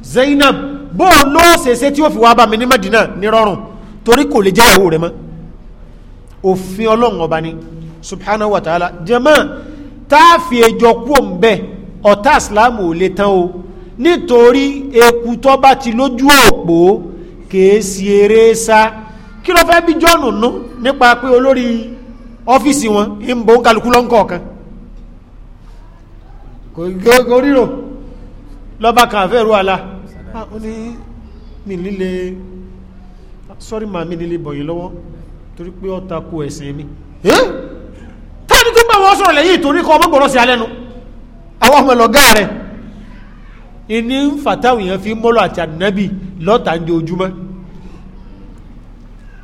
Speaker 1: Zainab bó o lọ́ ṣèṣe tí ó fi wá bá mi ní Madina nírọ̀rùn torí kò lè jẹ́ ìyàwó rẹ̀ mọ́ òfin ọlọ́run ọba ni subhanahu wa ta'ala jẹ́mọ́ táàfì ẹjọ́ kú òun bẹ́ẹ̀ ọ̀tá islam ò lè tán o nítorí eku bá ti lójú òpó kèé sí eré sá kí ló fẹ́ bí jọ́ọ̀nù nípa pé olórí ọ́fíìsì wọn ń bo kálukú lọ́nkọ̀ kan kò ríro lọ́ba kan ní nílé sọ́rí màá lọ́wọ́ torí pé tako ẹ̀sìn mi tó bá wọn sọ̀rọ̀ lẹ́yìn kan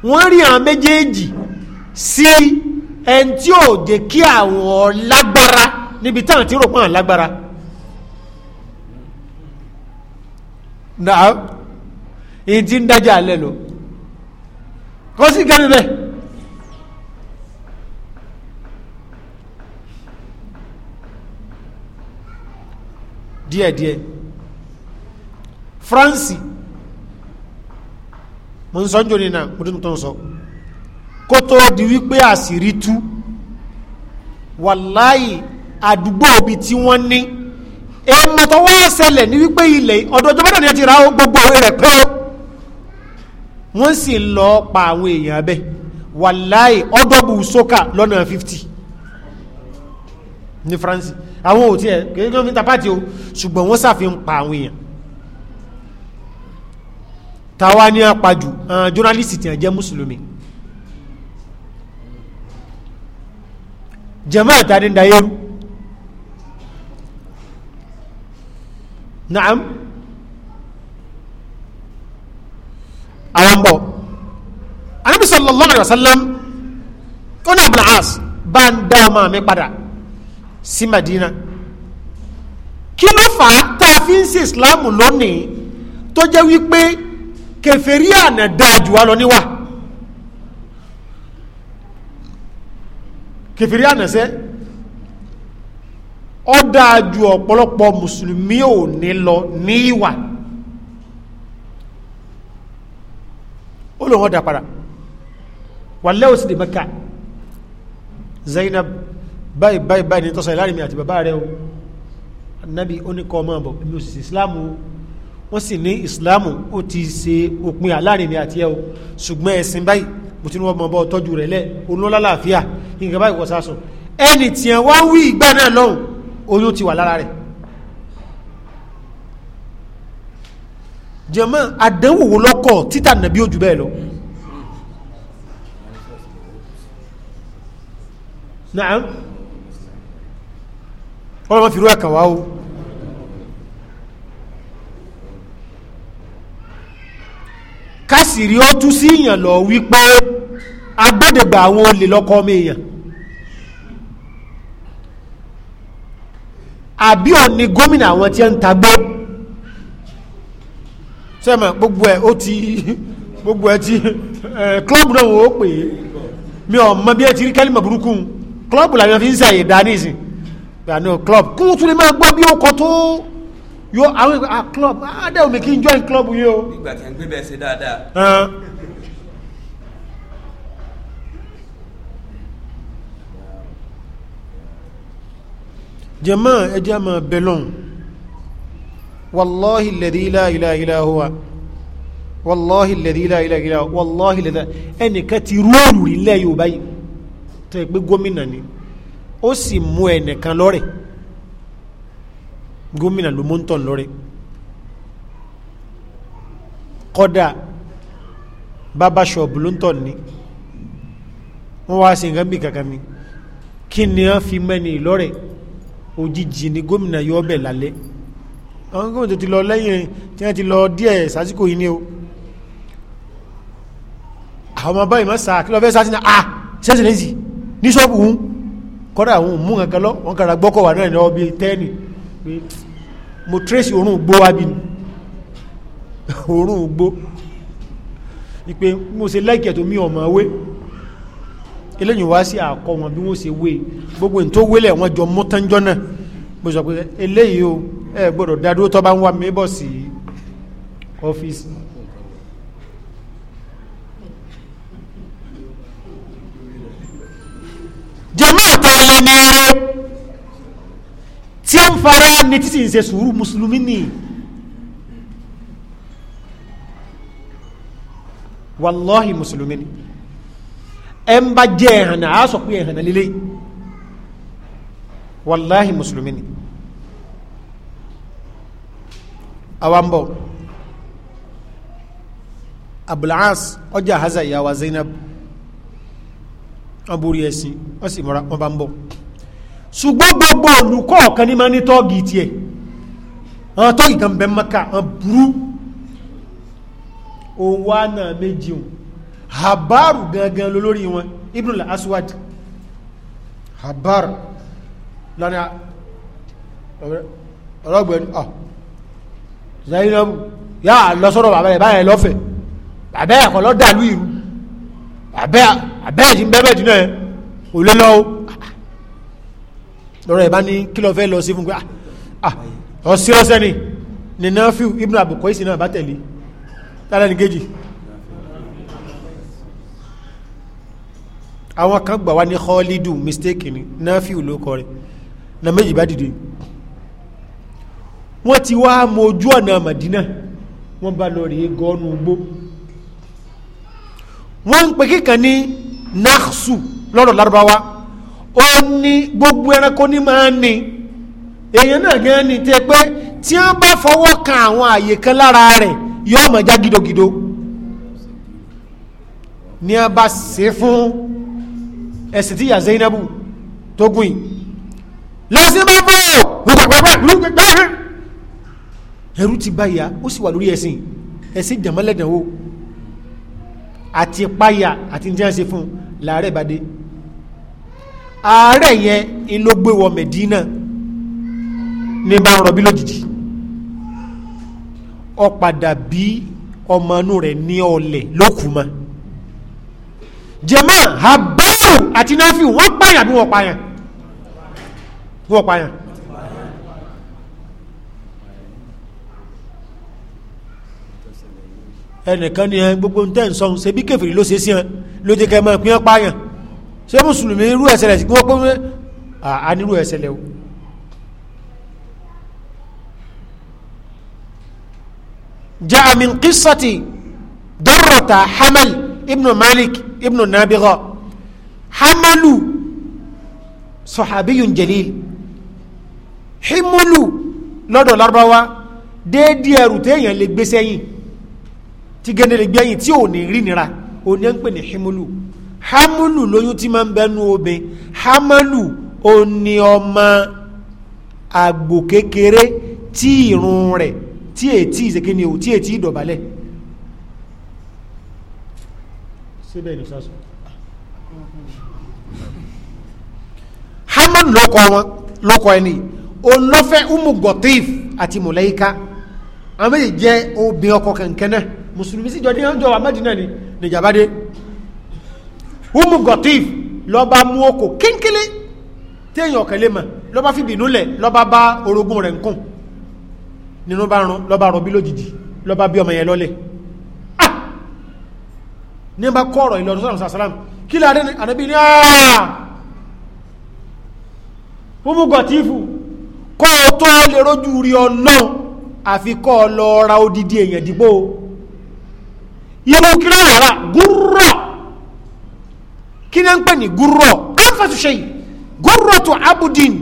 Speaker 1: wọ́n rí àwọn méjèèjì sí ẹni tí ò jẹ́ kí àwọn lágbára níbi táwọn ti rò pọ́n lágbára. náà èyí tí ń dájà alẹ́ lọ kò sí kẹ́mi bẹ́ẹ̀. díẹ̀díẹ̀ France mo ń sọ ń jò ní náà mo tún tó ń sọ kó tó di wípé àṣírí tú wàláyì àdúgbò bi tí wọ́n ní èèmọ̀ tó wá ṣẹlẹ̀ ní wípé ilẹ̀ ọ̀dọ̀ ìjọba náà ni ẹ ti ra gbogbo rẹ̀ pé ó wọ́n sì lọ pa àwọn èèyàn bẹ́ẹ̀ wàláyì ọ̀dọ́bù sókà lọ́nà fifty ní France àwọn ò tiẹ̀ kékeré wọn fi ta pàtì o ṣùgbọ́n wọ́n ṣàfihàn pa àwọn èèyàn tàwa ní apájù àwọn eh, jọ́nálìsì tí wọ́n jẹ́ mùsùlùmí jẹ́mọ́ àtàdé dayeru naam àwọn bọ̀ anábì sallallahu alaihi wasallam ó ní abdul as bá ń dá ọmọ mi padà sí madina kí ló fà á tá a lónìí tó jẹ́ wípé kèfèrí àná dáa jù wá lọ níwà kèfèrí àná sẹ́ ó dáa jù ọ̀pọ̀lọpọ̀ mùsùlùmí ò ní lọ ní ìwà ó lóun ọ̀dà padà wà lẹ́wọ̀ sí di Mẹ́kà Zainab báyìí báyìí báyìí ní tọ́sán ìlànà mi àti bàbá rẹ o anabi oníkọ́ ọmọ bọ̀ mi ò sì o wọ́n sì ní ìsìláàmù ó ti ṣe òpin aláàrin àti ẹ̀ o ṣùgbọ́n ẹ̀sìn báyìí mo ti ní wọ́n mọ̀ bọ́ tọ́jú rẹ̀ lẹ̀ olólá làáfíà nǹkan báyìí kò sásùn ẹnì tí ẹ̀ wá wí ìgbà náà lọ́hùn oyún ti wà lára rẹ̀ jẹ̀mọ́ àdánwò wo lọ́kọ̀ títà nàbí ojú bẹ́ẹ̀ lọ ọlọ́mọ fi rú ẹ̀kàn wá o. kásìrí ó tú sí èèyàn lọ wípé agbódegbà àwọn olè lọ́kọ́ ọmọ èèyàn àbí òní gómìnà àwọn tí ń tagbó sẹ́mọ̀ gbogbo ẹ̀ ó ti gbogbo ẹ̀ ti klọ́ọ̀bù náà ó pè é mi ò mọ bí ẹ ti rí kẹ́límà burúkú klọ́ọ̀bù làwọn fi ń sẹ̀yìn dání ìsìn gbà náà klọ́ọ̀bù kún tún máa gbọ́ bí ó kọ tó yóò àwọn ìgbà ah club ah dẹ́ omi kí n join club yìí o. ìgbà tí a ń gbé bẹ́ẹ̀ ṣe dáadáa. jẹ́mọ́ ẹjẹ́ mọ́ belong wallahi alladhi la ilaha illa huwa wallahi alladhi la ilaha illa huwa wallahi alladhi ẹnìkan ti róòlù ilẹ̀ yorùbá yìí tẹ̀ pé gómìnà ni ó sì mú ẹnìkan lọ́rẹ̀ẹ́ gómìnà ló mọ́ntàn lọ́rẹ́ kọ́dà bàbá ṣọ́ọ̀bù ló ń tàn ní wọ́n wá sí nǹkan bí kankan mi kí ni wọ́n fi mẹ́ni lọ́rẹ̀ òjijì ni gómìnà yọ ọbẹ̀ lálẹ́ àwọn gómìnà tó ti lọ lẹ́yìn tí wọ́n ti lọ díẹ̀ sásìkò yìí ni o àwọn ọmọ báyìí mọ́sà kí lọ fẹ́ sásìkò ah sẹ́sìn lẹ́sì ní ṣọ́ọ̀bù òun kọ́dà òun mú nǹkan lọ wọ́n kàrà gbọ́kọ̀ wà náà ní ọbẹ̀ tẹ́ẹ̀nì pé mo trace òórùn gbó wá bí ni òórùn gbó ìpé mo ṣe lẹ́kẹ̀ẹ́ tó mí ọmọ wé eléyìn wá sí àkọ wọn bí wọ́n ṣe wé gbogbo ní tó wélẹ̀ wọn jọ mọ́tánjọ́ náà mo sọ pé eléyìí o ẹ gbọ́dọ̀ dádúró tó bá ń wá mébọ̀ sí ọ́fíìsì jẹ́mọ́ àtàlẹ́ ni eré tí ó ń fara ní títí ń ṣe sùúrù mùsùlùmí ni wàlọ́hì mùsùlùmí ni ẹ ń bá jẹ́ ẹ̀hànà á sọ pé ẹ̀hànà lílé wàlọ́hì mùsùlùmí ni awambo abulhans ọjà haza ìyàwó zainab wọn borí ẹsìn wọn sì mọra wọn bá ń bọ ṣùgbọ́n gbogbo olùkọ́ ọ̀kan ní máa ní tọ́ọ̀gì tiẹ̀ àwọn tọ́ọ̀gì kan bẹ mọ́ka àwọn burú òun wá náà méjì òun habaru gangan lólórí wọn ibn al-aswad habar lọ́nà ọlọ́gbẹ̀ẹ́ni ah zainabu yà á lọ sọ́dọ̀ bàbá rẹ̀ báyẹn lọ́fẹ̀ẹ́ bàbá ẹ̀kọ́ lọ́dàlú ìrú bàbá ẹ̀ ti ń bẹ́ẹ̀ bẹ́ẹ̀ dínà ẹ̀ òlélọ́wọ́ lọ́rọ̀ ẹ̀ bá ní kí lọ fẹ́ lọ sí fún pé ah ọ̀sí ah, ọ̀sẹ̀ ni Nafiu ibn abukọ ìsìn náà bá tẹ̀lé tálẹ́ ní kejì àwọn kan gbà Nafiu ló na méjì bá dìde wọ́n ti wá mọ ojú ọ̀nà Madina wọ́n bá lọ rèé gọ́ọ̀nù gbó wọ́n ń pe kíkan ní naxu lọ́rọ̀ lárúbáwá ó ní gbogbo ẹranko ní máa ń ní èèyàn náà gan ni tẹ pé tí wọn bá fọwọ́ kan àwọn àyè kan lára rẹ̀ yóò mọ̀ já gidogido ní a bá ṣe fún ẹsẹ̀ tí yà Zainabu tó gùn yìí lọ́sí máa bọ̀ ẹ̀rù ti bá ó sì wà lórí ẹ̀sìn ẹ̀sìn jàmọ́lẹ̀dẹ̀wò àti páyà àti ní tí wọ́n ṣe fún làárẹ̀ bá dé ààrẹ yẹn in ló gbé wọ Medina ní bá ń rọbí lójijì ó padà bí ọmọ inú rẹ̀ ní ọlẹ̀ lókùmọ́ jẹ́mọ́ àbáwò àti náfì wọ́n pààyàn bí wọ́n pààyàn bí wọ́n pààyàn ẹnìkan ni gbogbo ń tẹ́ ń sọ ṣe bí kèfèrí ló ṣe sí ẹ ló jẹ́ kẹ́ mọ́ pín ọ́ pààyàn ṣé mùsùlùmí irú ẹ̀ṣẹ̀ rẹ̀ ṣùgbọ́n pé a nírú ẹ̀ṣẹ̀ lẹ́wọ̀ جاء من قصة درة حمل ابن مالك ابن النابغة حمل صحابي جليل حمل lọ́dọ̀ lárúbáwá déédéé ẹrù téèyàn lè gbé sẹ́yìn tí gẹ́nẹ́ lè gbé ẹ̀yìn tí ò ní rí nira ò ní ń pè ní himulu hamulu lóyún tí máa ń bẹnu obìn hamalu ó ní ọmọ àgbò kékeré tí irun rẹ̀ tí ètí ìsèkíni ò tí ètí ìdọ̀bálẹ̀ síbẹ̀ ní sásùn hamadu lọ́kọ̀ wọn lọ́kọ̀ ẹni olọ́fẹ́ umu àti mọ̀lẹ́yíká àwọn méjì jẹ́ obìnrin ọkọ kẹ̀kẹ́ náà mùsùlùmí sí jọ ní ọjọ́ amádínà ni nìjàbádé umu gotif lọ́ba mú oko kínkínlé téèyàn ọ̀kẹ́ lè mọ̀ fi bínú lẹ̀ lọ́ba bá orogún rẹ̀ ń kùn nínú bá rún lọ́ba rọ̀bí lójijì lọ́ba bí ọmọ yẹn lọ́lẹ̀ ah! ní bá kọ́ ọ̀rọ̀ ìlọrin sọ́dọ̀ sàlám kí láàrin ànábì ní àà ah! umu gotifu kọ́ ọ tó lè rójú rí ọ náà àfi kọ́ ọ lọ ra odidi èèyàn dìgbò irú kí lọ́ọ̀rà gúrọ̀ kí náà ń pè ní gúrọ̀ anfasu ṣe yìí tó abudin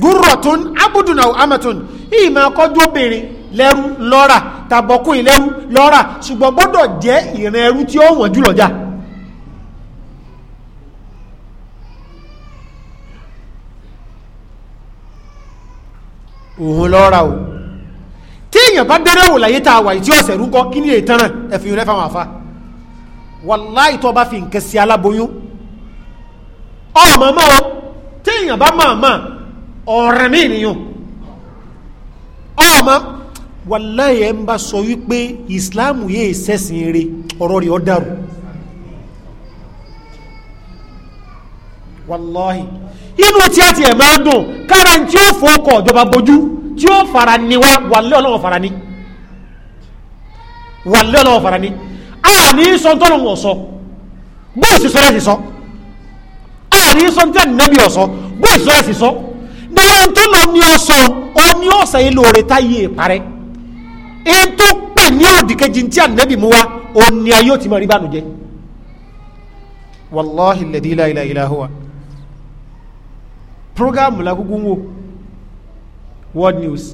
Speaker 1: gúrọ̀ tó abudun àwọn amatun yìí máa kọjú obìnrin lẹ́rú lọ́ra tàbọ̀kùn lẹ́rú lọ́ra ṣùgbọ́n gbọ́dọ̀ jẹ́ ìrìn ẹrú tí ó wọ̀n jù lọ́jà. òun lọ́ra o tí èèyàn bá dẹ́rẹ́wò láyé tá a wà yìí tí ọ̀sẹ̀ rú kí ni ètàn rẹ̀ ẹ̀fìn rẹ̀ fáwọn àfa wàláì tó bá fi nǹkan sí aláboyún ọmọọmọ o téèyàn bá mọ̀ọ́mọ̀ ọ̀rẹ́ mi nìyàn ọmọ wàláì ẹ̀ ń bá sọ wípé ìsìláàmù yéé sẹ́sìn rẹ̀ ọ̀rọ̀ rẹ̀ ọ́ dàrú wàláì inú tí a tiẹ̀ máa dùn kára tí ó fọkọ̀ ìjọba bojú tí ó fara ni wá wàlẹ́ ọlọ́wọ́ fara ni wàlẹ́ ọlọ́wọ́ fara ni a ní sọ tọ́lọ̀ wọ̀ sọ bó sì sọ lẹ́sì sọ a ní sọ tí ànábì ọ̀sọ bó sì sọ lẹ́sì sọ dára tó lọ ní ọsọ ọ ní ọ̀sẹ̀ ilé òrè táyé parẹ́ èyí tó pè ní òdì kejì tí ànábì mú wa ó ní ayé òtí máa rí bánu jẹ wàláhi lẹ́dí láìla ìlà hùwà programu la ń wò world news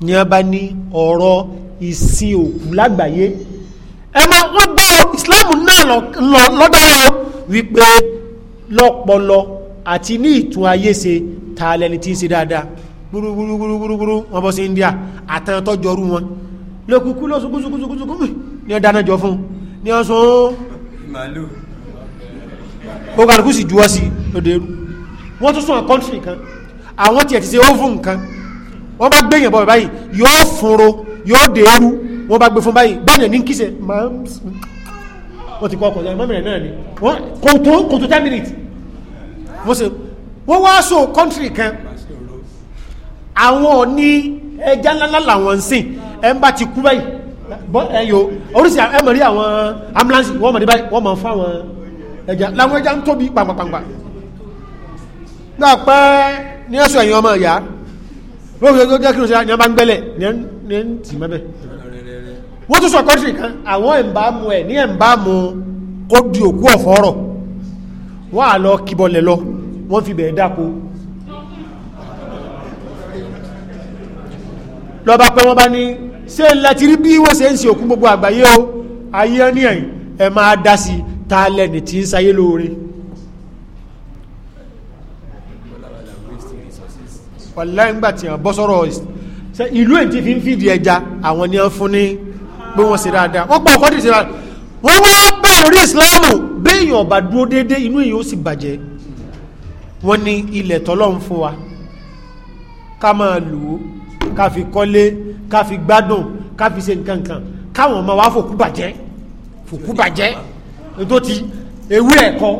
Speaker 1: ní a bá ní ọ̀rọ̀ ìsìn òkú lágbàáyé ẹ mọ wọn gbọ́ islam náà lọ́dára wípé lọ́pọlọ àti ní ìtún ayé ṣe ta lẹni tí ń ṣe dáadáa gbúrúgbúrúgbúrúgbúrú wọn bọ́ sí India àtàn tọ́jọ́rú wọn lókùkú ló sukúsukúsukú ní ọ dáná jọ fún ní ọ sún gbogbo àdúgbò sì juwọ́ sí lóde eru wọ́n tún sún àkọ́ntì kan àwọn tiẹ̀ ti ṣe ó fún nǹkan wọ́n bá gbẹ̀yìn bọ̀ báyìí yóò fúnro yóò dé eru wọ́n bá gbé fún báyìí bẹ́ẹ̀ ní kíṣẹ̀ wọ́n ti kọ́ ọkọ̀ ìyàwó mẹ́rin náà ni kò tó kò tó 10 minutes wọ́n ṣe wọ́n wá so country kan àwọn ní ẹja ńláńlá làwọn ń sìn ẹ ń bá ti kú báyìí ẹyọ oríṣi ẹ mọ̀ rí àwọn ambulance wọ́n mọ̀ rí báyìí wọ́n mọ̀ fún àwọn ẹja làwọn ẹja ń tóbi pàǹpàǹpà náà pẹ́ ní ẹ̀sùn ẹ̀yìn ọmọ ìyá wọ́n fi ọjọ́ kí ló ṣe ni wọ́n bá ń gbẹ́lẹ̀ ní ẹ̀ ń tì mẹ́bẹ̀ wọ́n tún sọ kọ́ńtì kan àwọn ẹ̀ǹbámu ẹ̀ ní ẹ̀ǹbámu kó di òkú ọ̀fọ́rọ̀ wọ́n á lọ kíbọlẹ̀ lọ wọ́n fi bẹ̀ẹ́ dáko lọ́ba pé wọ́n bá ní ṣé ńlá ti rí bí wọ́n ṣe ń ṣe òkú gbogbo àgbáyé o ayé ní ẹ̀yìn ẹ máa dá sí ta lẹ́ni tí ń sayé lóore wàláì gbà tí wọ́n bọ́ sọ́rọ̀ ìlú èyí ti fi ń fìdí ẹja àwọn ni wọ́n fún ní pé wọ́n ṣe dáadáa wọ́n gba ọ̀kọ́ dìde dáadáa wọ́n wá bá orí ìsìláàmù béèyàn ọba dúró déédéé inú yìí ó sì bàjẹ́ wọ́n ní ilẹ̀ tọ́lọ́run fún wa ká máa lò ó ká fi kọ́lé ká fi gbádùn ká fi ṣe nǹkan kan káwọn ọmọ wa fòkú bàjẹ́ fòkú bàjẹ́ ètò ti ewé ẹ̀kọ́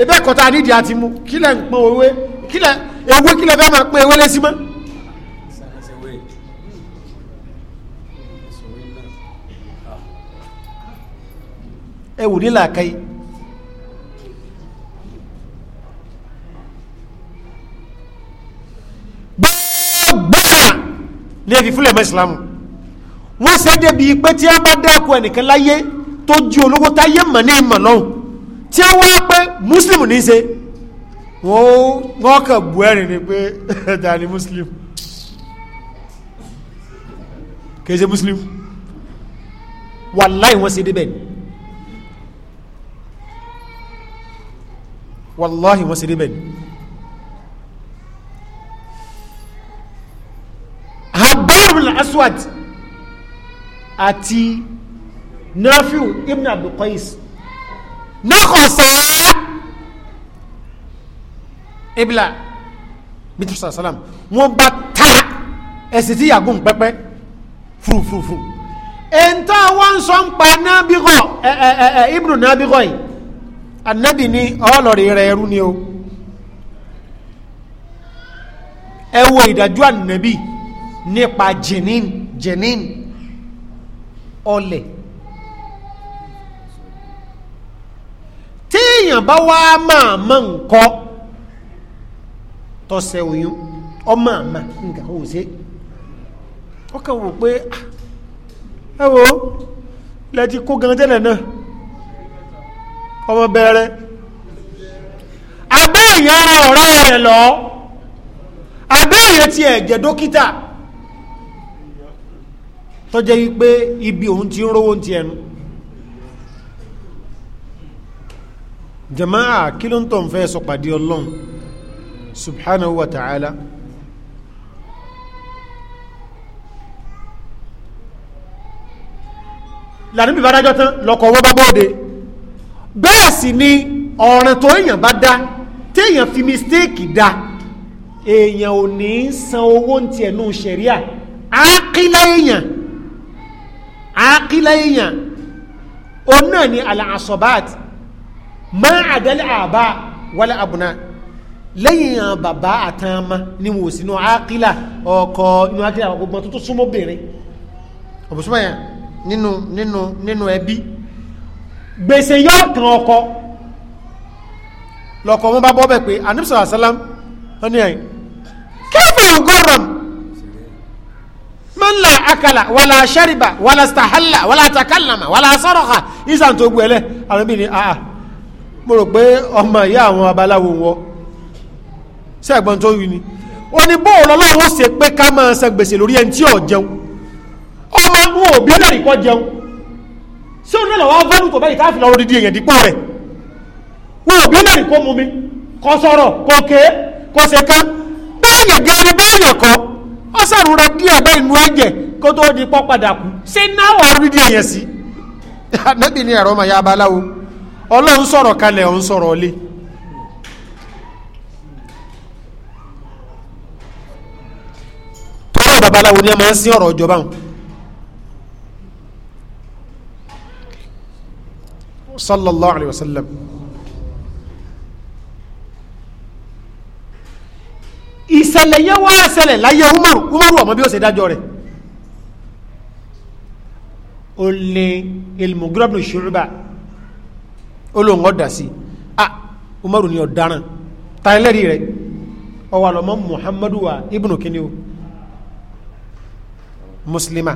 Speaker 1: ebe ẹ̀kọ́ tá a nídìí àti mú kílẹ̀ ń pọn ewé kílẹ̀ ewé kílẹ̀ fẹ́ máa pọn ewé lé sí ẹ wò ní làákàyè gbọ́gbọ́n lè fi fúnlẹ̀ mọ́ ìsìlámù wọ́n ṣe débi pé tí a bá dákọ ẹnìkan láyé tó ju olówó táyé mọ̀ ní ìmọ̀ lọ́hùn tí a wá pé mùsùlùmù ní í ṣe wọ́n kàn bu ẹ̀rìn ni pé ẹ̀dá ni mùsùlùmù kì mùsùlùmù wàláì wọ́n ṣe débẹ̀ ni. wàláhì wọ́n sì rí bẹ́ẹ̀ habarul aswad àti nafiu ibn abdulqais nakọsa ibla bitrus asalam wọ́n bá ta ẹsẹ̀ tí yàgùn pẹ́pẹ́ fúrufúrufú ẹ̀ńtọ́ wọ́n sọ ń pa nábìgọ̀ ẹ̀ ẹ̀ ẹ̀ ibnu nábìgọ̀ yìí anabi ni ọlọ́rin rẹ̀ ẹrú ni o ẹ wo anabi nípa jenin jenin ọlẹ̀ téèyàn bá wá máa mọ nǹkan tọ́sẹ̀ oyún ọmọ àmà nǹkan ṣe ọkàn wò pé ah, wo kó gan náà ọmọ bẹ̀rẹ̀ abẹ́ èèyàn ara ọ̀rẹ́ rẹ̀ lọ abẹ́ èèyàn ti ẹ̀jẹ̀ dókítà tó jẹ́ wípé ibi òun ti ń rówó ti ẹnu jama'a kí ló ń tọ́ ń fẹ́ sọ pàdé ọlọ́run subhanahu wa ta'ala lànà bíbá dájọ́ tán lọ́kọ̀ wọ́n bá bóde bẹ́ẹ̀ sì ni ọ̀ràn tó èèyàn bá dá téèyàn fi mistake dá èèyàn ò ní san owó ní tiẹ̀ nù sẹ̀ríà àákílá èèyàn àákílá èèyàn òun náà ni àlàásọ̀bát máa àdálẹ́ àbá wálé àbùnà lẹ́yìn àwọn bàbá àtàmà ni wò sínú àákílà ọkọ̀ inú àákílà àwọn gbogbo tó tó súnmọ́ bèrè ọ̀bùsùnmọ́ yẹn nínú nínú nínú ẹbí. E gbèsè yóò kan ọkọ lọkọ wọn bá bọ́ bẹ́ẹ̀ pé anibisọ asalam wọn ni ẹ̀yìn kẹfà ọgọ́rùn man la akala wala shariba wala stahala wala takallama wala sọrọka isan tó gbẹlẹ àwọn ibi ni aa ah, ah, mo rò pé ọmọ ìyá àwọn abaláwo wọ sí ẹ̀gbọ́n tó yìí ni ó ní bóòlù ọlọ́run ó ṣe pé ká máa san gbèsè lórí ẹni tí ò jẹun ọmọ inú òbí ó lẹ́rìí kọ́ jẹun ṣé ó nílò wá fọ́nù tó bẹ́yìí káàfin lọ́rọ̀ dídí èèyàn dípò rẹ̀ wọn ò bí mẹ́rin kó mumi kó sọ̀rọ̀ kó ké kó ṣe ká bẹ́ẹ̀yàn gẹ́rẹ́ bẹ́ẹ̀yàn kọ́ ó sàrùn rẹ díẹ̀ bẹ́ẹ̀ inú ẹ̀jẹ̀ kó tó di pọ́ padà kú ṣé náwó ọ̀rọ̀ dídí èèyàn sí. nẹ́bí ni ẹ̀rọ ọmọ ya abaláwo ọlọ́run sọ̀rọ̀ kalẹ̀ ọ̀hún sọ̀rọ̀ ọ̀lẹ tọ́lá babaláwo ni ẹ máa ń sí ọ̀rọ̀ ìjọba wọn صلى الله عليه وسلم. ìṣẹ̀lẹ̀ yẹn wá ṣẹlẹ̀ láyé umaru umaru ọmọ bí ó ṣe dájọ́ rẹ̀ ó lè ilmugirabnu ṣùrùbà olóhùn ọ̀dà sí a ah, umaru ni ọ̀daràn tàìlẹ́rì rẹ̀ ọwọ́ àlọ́mọ́ muhammadu wa ibnu kini o muslima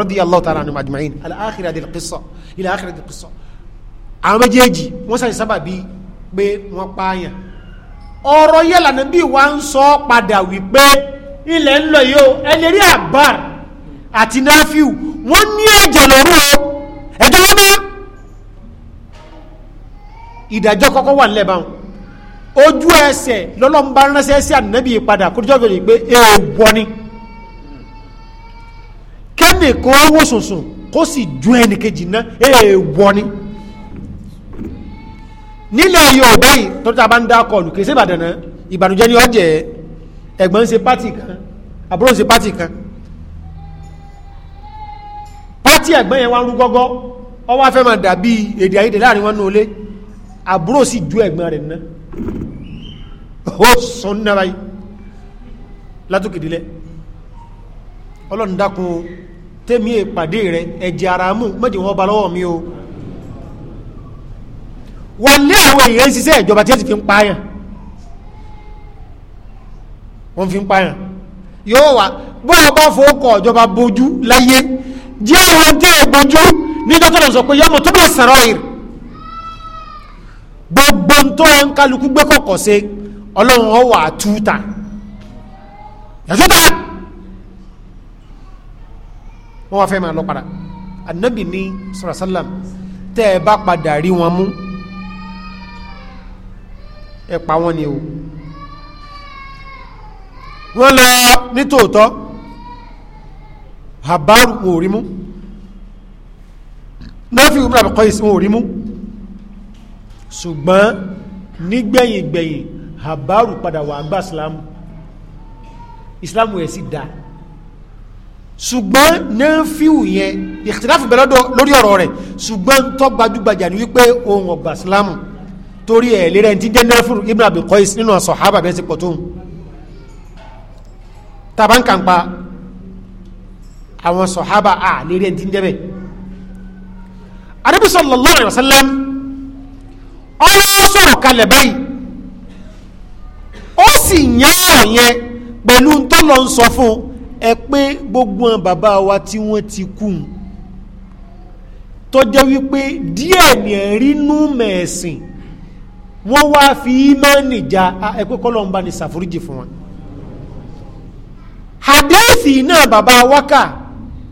Speaker 1: radiyallahu ta'ala anhu ajma'in al-akhirah dil qissa àwọn méjèèjì wọ́n sàyè sábà bíi pé wọ́n pààyàn ọ̀rọ̀ yẹ́là níbí wa ń sọ padà wípé ilẹ̀ ń lọ yìí o ẹni rí àbár àti náfíù wọ́n ní ẹ̀jẹ̀ lọ́rùn o ẹ̀jẹ̀ lọ́nà ìdájọ́ kọ́kọ́ wà nílẹ̀ báwọn ojú ẹsẹ̀ lọ́lọ́mùbá ránṣẹ́ sí ànábì padà kó jọ́ bẹ̀rẹ̀ pé èèwọ̀ ni kẹ́nìkan wò kó sì ju ẹnìkejì náà èèwọ̀ ni. E nílẹ̀ yorùbá yìí tó tá a bá ń dá kọlù kì í náà ìbànújẹ́ ni ọ̀jẹ̀ ẹ̀gbọ́n ń ṣe pátì kan àbúrò ń ṣe pátì kan pátì ẹ̀gbọ́n yẹn wá ń rú gọ́gọ́ ọwọ́ afẹ́ máa dàbí èdè àìyedè láàrin wọn nù ilé àbúrò sì ju ẹ̀gbọ́n rẹ̀ ná ó sùn náà báyìí látòkèdílẹ̀ ọlọ́run dákun tẹ́mi ìpàdé rẹ̀ ẹ̀jẹ̀ ara mú mẹ́jẹ̀ wọn ba lọ́wọ́ mi o wàlẹ́ àwọn èèyàn ṣiṣẹ́ ìjọba tí ó ti fi ń pààyàn wọ́n fi ń pààyàn yóò wà bọ́ ọba fòókọ̀ ìjọba bójú láyé jẹ́ àwọn tí ẹ̀ bójú ní dọ́tọ̀rọ̀ sọ pé yọmọ tó bá sàrọ̀ àìrì gbogbo ń tọ́ ń kálukú gbé kọ̀kọ̀ sí ọlọ́run ọ wà túta yàtúta wọ́n wá fẹ́ máa lọ padà anabi ní sọ̀rọ̀ sálàm tẹ́ ẹ bá padà rí wọn mú ẹ pa wọ́n ni o wọ́n lọ nítòótọ́ habaru wọn ò rí mú nafi ibn abi qais wọn ò rí mú ṣùgbọ́n nígbẹ̀yìn gbẹ̀yìn habaru padà wà gba islam islam yẹn sì dáa ṣùgbọ́n nẹ́ẹ̀fíù yẹn ìtìláfù bẹ̀rẹ̀ lórí ọ̀rọ̀ rẹ̀ ṣùgbọ́n tó ni wípé ohun ọ̀gbà sílámù torí ẹ̀ lérẹ́ ní ti jẹ́ndẹ́ fún ibn abi qais nínú sọ̀hábà bẹ́ẹ̀ ti pọ̀ tóun tàbá ń kà ń pa àwọn sọ̀hábà à lérẹ́ ti jẹ́bẹ̀ Ànábì sallallahu alaihi wasallam ọlọ́wọ́ sọ̀rọ̀ kalẹ̀ báyìí ó sì yán ọ̀rọ̀ yẹn pẹ̀lú tó lọ ń sọ fún ẹ pé gbogbo àwọn bàbá wa tí wọ́n ti kú tó jẹ́ wípé díẹ̀ ní ẹ̀rí nú mẹ̀ẹ̀sìn wọ́n wá fi ímánì já ẹgbẹ́ kọ́lọ̀ ń bá fún wọn hadithi náà baba waka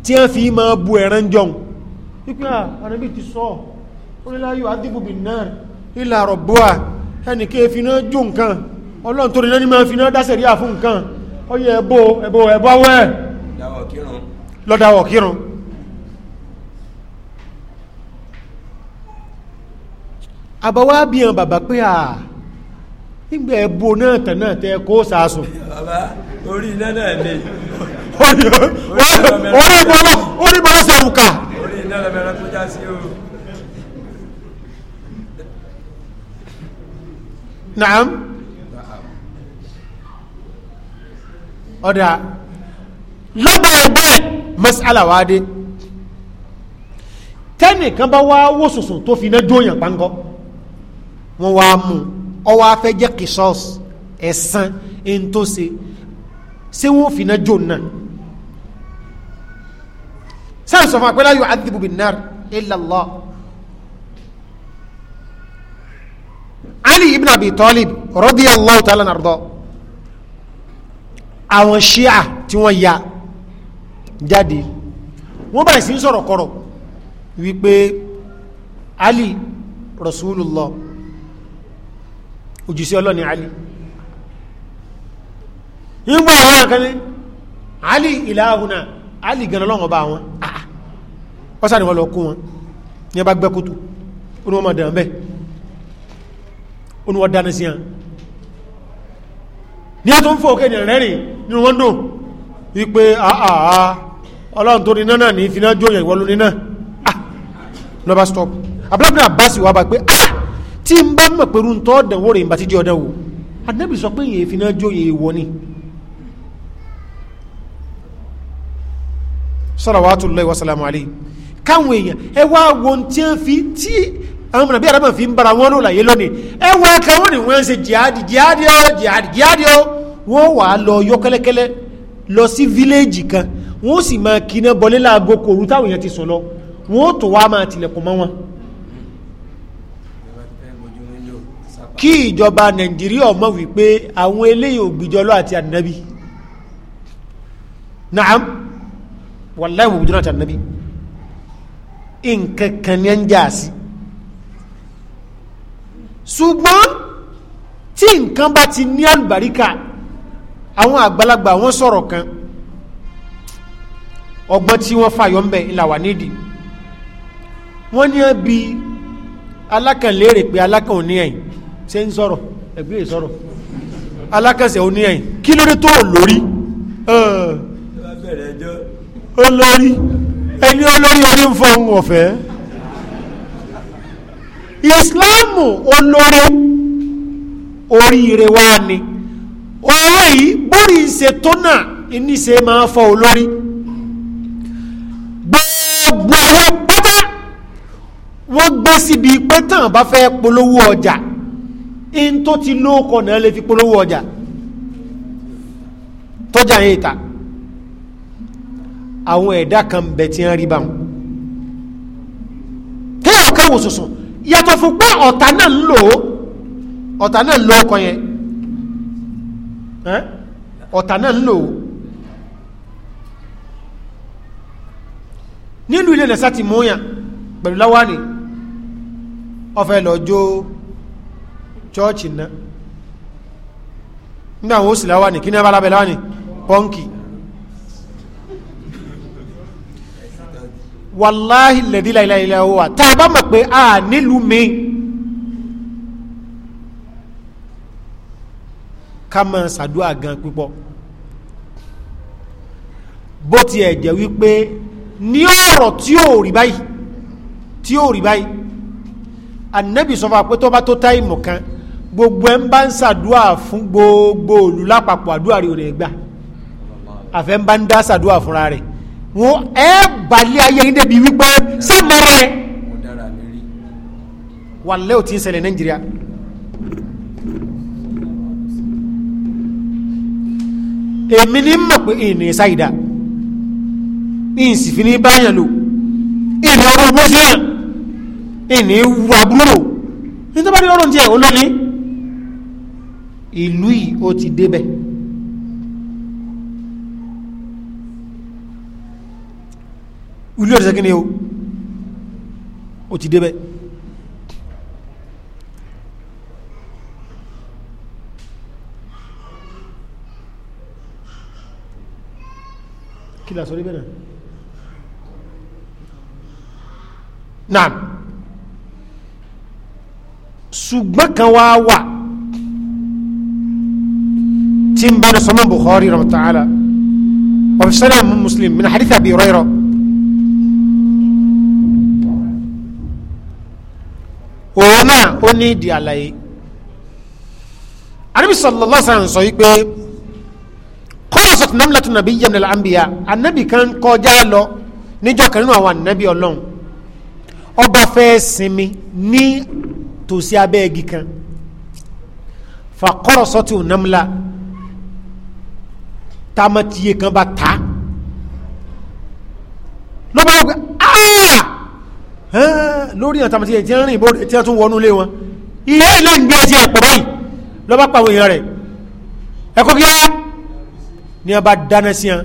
Speaker 1: tí wọ́n fi máa bu ẹ̀rán jọun wípé àrẹ́bí ti sọ oníláyò adébùbì náà ilà rọ̀bùà ẹnì kí efi náà jó nǹkan ọlọ́run tó rí náà ní máa fi náà dáṣẹ̀ àfún nǹkan ọyẹ ẹbọ ẹbọ ẹbọ awẹ́ lọ́dáwọ̀ kírun àbáwá bí hàn bàbá pé à nígbà ẹ̀bù náà tàn náà tẹ kó sàásùn. bàbá orí iná náà ni. orí bọ́lá orí bọ́lá sàwùkà. orí iná lọ mẹ́rin tó já sí o. naam ọ̀dà lọ́bàá ẹgbẹ́ masala wa dé tẹ́nìkan bá wá wọ́sọ̀sọ̀ tó fi iná jóyàn pánkọ́ wọ́n wá mú ọwọ́ afẹ́ jẹ́ kìsọ́s ẹ̀sán ẹni tó ṣe ṣé wọ́n fi iná jò náà sáà sọ fún akpẹ́lá yóò adìbò bin nar illa Allah Ali ibn Abi Talib radiyallahu ta'ala nàrdọ́ àwọn ṣíà tí wọ́n ya jáde wọ́n bẹ̀rẹ̀ sí ń sọ̀rọ̀ wípé Ali Rasulullah òjìṣẹ́ ọlọ́ni alì nígbà àwọn àkàní alì ìlàáhùnà alì gan ọlọ́run ọba wọn ọ́sà ah, ni ah. wọ́n lọ kó wọn ní ẹbá gbẹ́kútù oní wọ́n mọ̀dàn bẹ́ oní wọ́n dáná sí hàn ní tó ń fò òkè ní rẹ́rìn nínú wọ́n dùn wípé ah, ọlọ́run tó ní náà ní tí n bá mọ̀ pẹ̀lú ntọ́ dẹ̀wò rẹ̀ nbàtí di ọ̀dẹ̀wò anábì sọ pé yẹn ìfìnà jó yẹn wọ ni. salawatullahi wa salamu alayhi káwọn èèyàn ẹ wá wo tí wọ́n fi tí àwọn ọmọ nàbí àdàmà fi ń bara wọn ló láyé lónìí ẹ wá káwọn ni wọ́n ṣe jihadi jihadi o jihadi jihadi o wọ́n wà á lọ yọ kẹ́lẹ́kẹ́lẹ́ lọ sí fíléèjì kan wọ́n sì máa kiná bọlé láago kòrú táwọn èèyàn ti sùn lọ wọ́n tó wá máa tilẹ̀kùn mọ́ wọn. kí ìjọba nàìjíríà mọ̀ wípé àwọn eléyìí ògbìjọlọ́ àti ànábì naam wàláì ògbìjọlọ́ àti ànábì nǹkan kan ní ń jà sí ṣùgbọ́n tí nǹkan bá ti ní àlùbáríkà àwọn àgbàlagbà wọ́n sọ̀rọ̀ kan ọgbọ́n tí wọ́n fàyọ ń bẹ̀ ńlá nídìí wọ́n ní ẹbí alákànlérè pé alákàn ẹ̀yìn ṣe ń sọ̀rọ̀ ẹgbẹ́ yìí sọ̀rọ̀ alákẹsẹ oní ẹ̀yìn kí ló dé tó lórí olórí ẹni olórí orí ń fọhùn ọ̀fẹ́ ìsìláàmù olórí oríire wá ni ọ̀rọ̀ yìí bórí ṣe tó náà ìníṣe máa fọ olórí gbogbo àwọn pátá wọ́n gbé síbi pé tàn bá fẹ́ polówó ọjà in tó ti lóòkọ̀ náà lè fi polówó ọjà tọ́jà yìí ta àwọn ẹ̀dá kan bẹ̀ tí ń rí bá wọn kéèyàn kẹwò sùsùn yàtọ̀ fún pé ọ̀tá náà ń lò ó ọ̀tá náà ń lò ọkọ̀ yẹn ọ̀tá náà ń lò ó nílùú ilé nàìjíríà ti mú yàn pẹ̀lú láwáni ọ̀fẹ́ lọ́jọ́ chọ́ọ̀chì náà nígbà wọn ó sì láwá ní kí ní abálábẹ́ láwá ní pọ́ǹkì wàláhì lẹ́dí láìláìlá wà tá a bá mọ̀ pé a nílùú mi ká máa ṣàdúrà gan pípọ̀ bó tiẹ̀ jẹ́ wípé ní ọ̀rọ̀ tí ò rí báyìí tí ò rí báyìí ànábì sọ fún wa pé tó bá tó táìmù kan gbogbo ẹ̀ ń bá ń ṣàdúà fún gbogbo òlù lápapọ̀ àdúà rí òrè gbà àfẹ́ ń bá ń dá ṣàdúà fúnra rẹ̀ wọn ẹ balẹ̀ ayé yín débi wípé sẹ́mẹ̀rẹ̀ wàlẹ́ ò ti ń ṣẹlẹ̀ nàìjíríà. èmi ní mọ̀ pé ìní ṣáìdá ìyìn sì fi ní báyàn lò ìní ọ̀rọ̀ bó ṣe hàn ìní wà búrò nítorí ọ̀rọ̀ tiẹ̀ olónìí ìlú yìí ó ti débẹ̀ ìlú ọ̀sẹ̀ kí ni o ó ti débẹ̀ kí lásọ̀ rí bẹ̀rẹ̀ náà ṣùgbọ́n kan wá wà تيم بان سنن بخاري رحمه الله تعالى وفي السنة من مسلم من حديث أبي هريرة وما أني دي علي النبي صلى الله عليه وسلم صحيح قاصت نملة نبي من الأنبياء النبي كان قجالو níjọ́ kan nínú àwọn ànábì ọlọ́run ọba fẹ́ sinmi ní tòsí abẹ́ igi tamatiye kan bá ta ló bá wọ pé aaa lórí àwọn tamatiye tí ń rìn bó tí wọ́n tún wọnú ilé wọn ilé ilé ń gbé ẹtì ẹ̀pọ̀ báyìí ló bá pàwọn èèyàn rẹ̀ ẹ̀kọ́ kí á ní wọ́n bá dáná sí wọn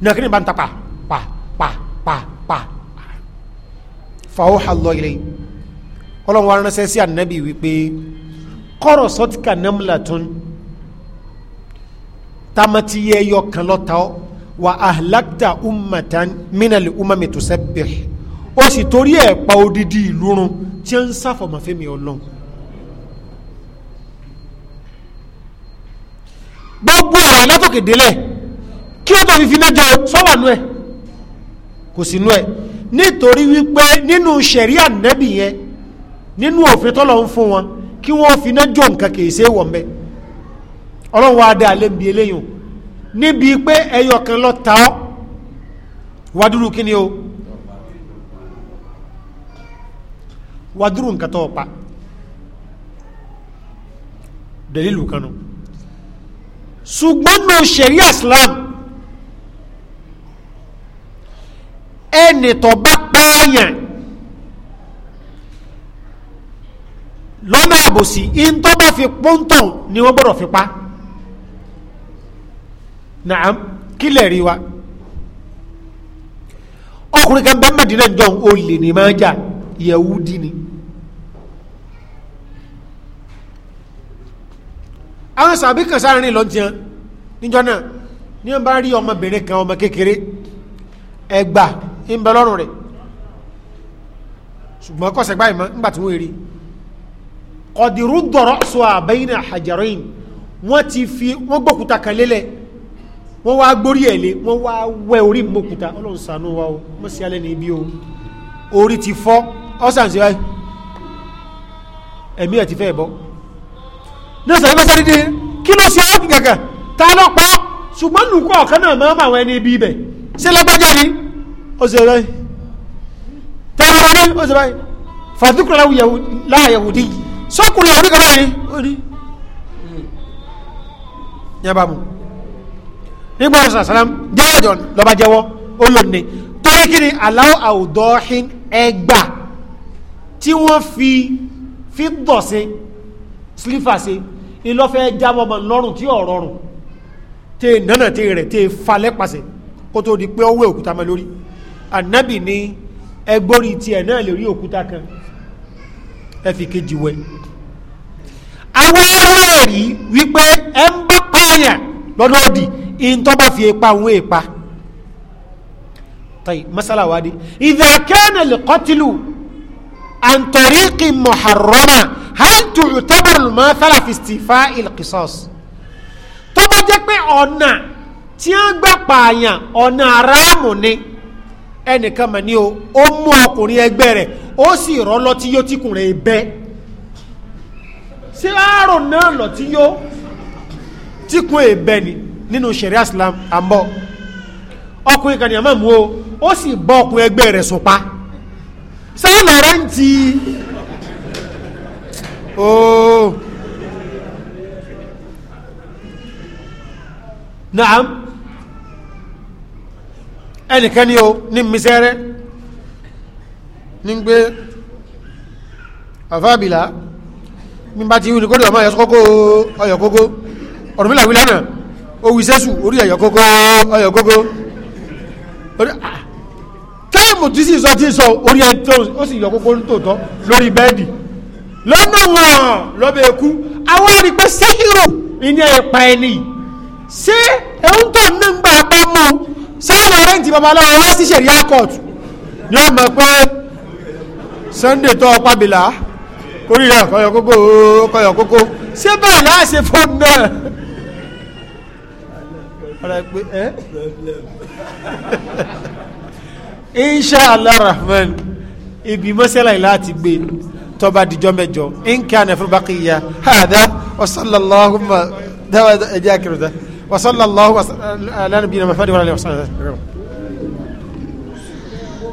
Speaker 1: ní wọ́n kí ni bá ń ta pa pa pa pa pa fàáwọ́ àlọ́ ilé ọlọ́run wa ránṣẹ́ sí ànábì wípé kọ́rọ̀ sọ́tìkà námúlà tún tamati yẹ yọ kan lọta wa ahlakta ummatan minali umami tusabbih o sì torí ẹ e pa odidi ìlú run tí ń sáfọmọfẹmi Ọlọ́run. gbogbo ọ̀rọ̀ látòkè délẹ̀ kí o tó fi finá jọ sọ́wọ́ nú ẹ̀ kò sí nú ẹ̀ nítorí wípé nínú ṣẹ̀ríà nẹ́bì yẹn nínú òfin tọ́lọ̀ ń fún wọn kí wọ́n finá jọ nǹkan kìí ṣe wọ̀ mẹ́ẹ̀ ọlọ́run wa dá alẹ́ bí eléyìn níbi pé ẹyọ kan lọ ta ọ́ wàdúrú kí ni o wàdúrú nǹkan tó pa dẹ̀lílù kanu ṣùgbọ́n nù ṣẹ̀ríà Islam ẹnì tó bá pààyàn lọ́nà àbòsí in bá fi pọ́ńtọ̀ ni wọ́n gbọ́dọ̀ fi pa. naam kí riwa rí wa ọkùnrin kan bẹ́ẹ̀ mẹ́dínà jọ olè ní máa jà yẹ̀wúdí ni àwọn sàbí kan sáré lọ tiẹ̀ níjọ náà ní wọn bá rí ọmọbìnrin kan ọmọ kékeré ẹgbà ń bẹ lọ́rùn rẹ̀ rí ti fi kan wọ́n wá gbórí ẹ̀ lé wọ́n wá wẹ́ orí mọ́kúta ọlọ́run ṣàánú wa o mọ́ sí alẹ́ ní ibi o orí ti fọ́ ọ̀sán sí wáyé ẹ̀mí ẹ̀ ti fẹ́ bọ́ náà sọ̀rọ̀ bá sáré dé kí ló ṣe ọ́ gàgà ta ló pa ọ́ ṣùgbọ́n nùkọ́ ọ̀kan náà máa ń bá àwọn ẹni ibi ibẹ̀ ṣé lágbájá ni ó ṣe báyìí tẹ́lẹ̀ wọlé ó ṣe báyìí láàyẹ̀wò dí sọ́kùnrin àwọn oníkàbáyé ó ní nígbà ọ̀sán sàlám jẹ́wọ́jọ́ lọ́ba jẹ́wọ́ ó lò ní torí kí ni aláwọ̀ àwùdọ́hìn ẹgbà tí wọ́n fi fi dọ̀ sí sílífà sí ìlọ́fẹ́ jábọ̀ ọmọ lọ́rùn tí ò rọrùn tí nánà tí rẹ̀ tí falẹ̀ pàṣẹ kó tó di pé ó wé òkúta mọ́ lórí ànábì ní ẹgbórí tiẹ̀ náà lè rí òkúta kan ẹ fi kejì wẹ̀ àwọn ẹ̀rí wípé ẹ ń bá pààyàn lọ́dọ̀ ìntọ́ba fi ipa òun èèpa tayi masala wa di idha kana al-qatlu an tariqi muharrama hal tu'tabar al-mathala fi istifa' al-qisas tó bá jẹ́ pé ọ̀nà tí a gbà pààyàn ọ̀nà aráàmù ni ẹnìkan mà ní o ó mú ọkùnrin ẹgbẹ́ rẹ̀ ó sì rọ́ lọ́tí yóò tí kùnrin bẹ́ ṣé àárò náà lọ́tí yóò tí kùn èbẹ́ ni nínú sẹ̀rí islam àmbọ̀ ọkùnrin kan ní àmọ́ mú o ó sì bọ́ ọkùnrin ẹgbẹ́ rẹ̀ sùn pa sáà lọ́rọ́ ń ti ooo naam ẹnìkan ni o ní misẹ́rẹ́ ní gbé àfábìlà mi bá ti wí ni kó dé ọmọ ọyọ kókó ọyọ kókó ọ̀rùnmílà wí lánàá owó ìṣẹ́sù orí ẹ̀yọ̀ gógó ọ̀yọ̀ gógó ah, táìmù tí sì sọ tí sọ orí ẹ̀ tó ó sì yọ gógó tòótọ́ lórí bẹ́ẹ̀dì lọ́nà wọn lọ́bẹ̀ ẹ̀kú àwọn àrígbẹ́ sẹ́hìrò ní ẹ̀pà ẹni ṣé ẹ̀hún tó ní gbà bá mú sáwọn rẹ́ǹtì babaláwo wá sí ṣẹ̀rí àkọ́ọ̀tù ní ọmọ pé Sunday tó ọpá bìlà kórìíra kọyọ kókó kọyọ kókó ṣé báyìí láàṣẹ fóònù náà ọ̀rọ̀ pé ẹ́ inshallah rahman ibi mọ́sálà yìí láti gbé tọ́ba dijọ́ mẹ́jọ nǹkan ànàfẹ́ bàkìyà hàdá wasallallahu ma dáwà ẹ̀jẹ̀ àkìrọ̀dá wasallallahu ala nabiyina muhammadin wa alihi wa sallam.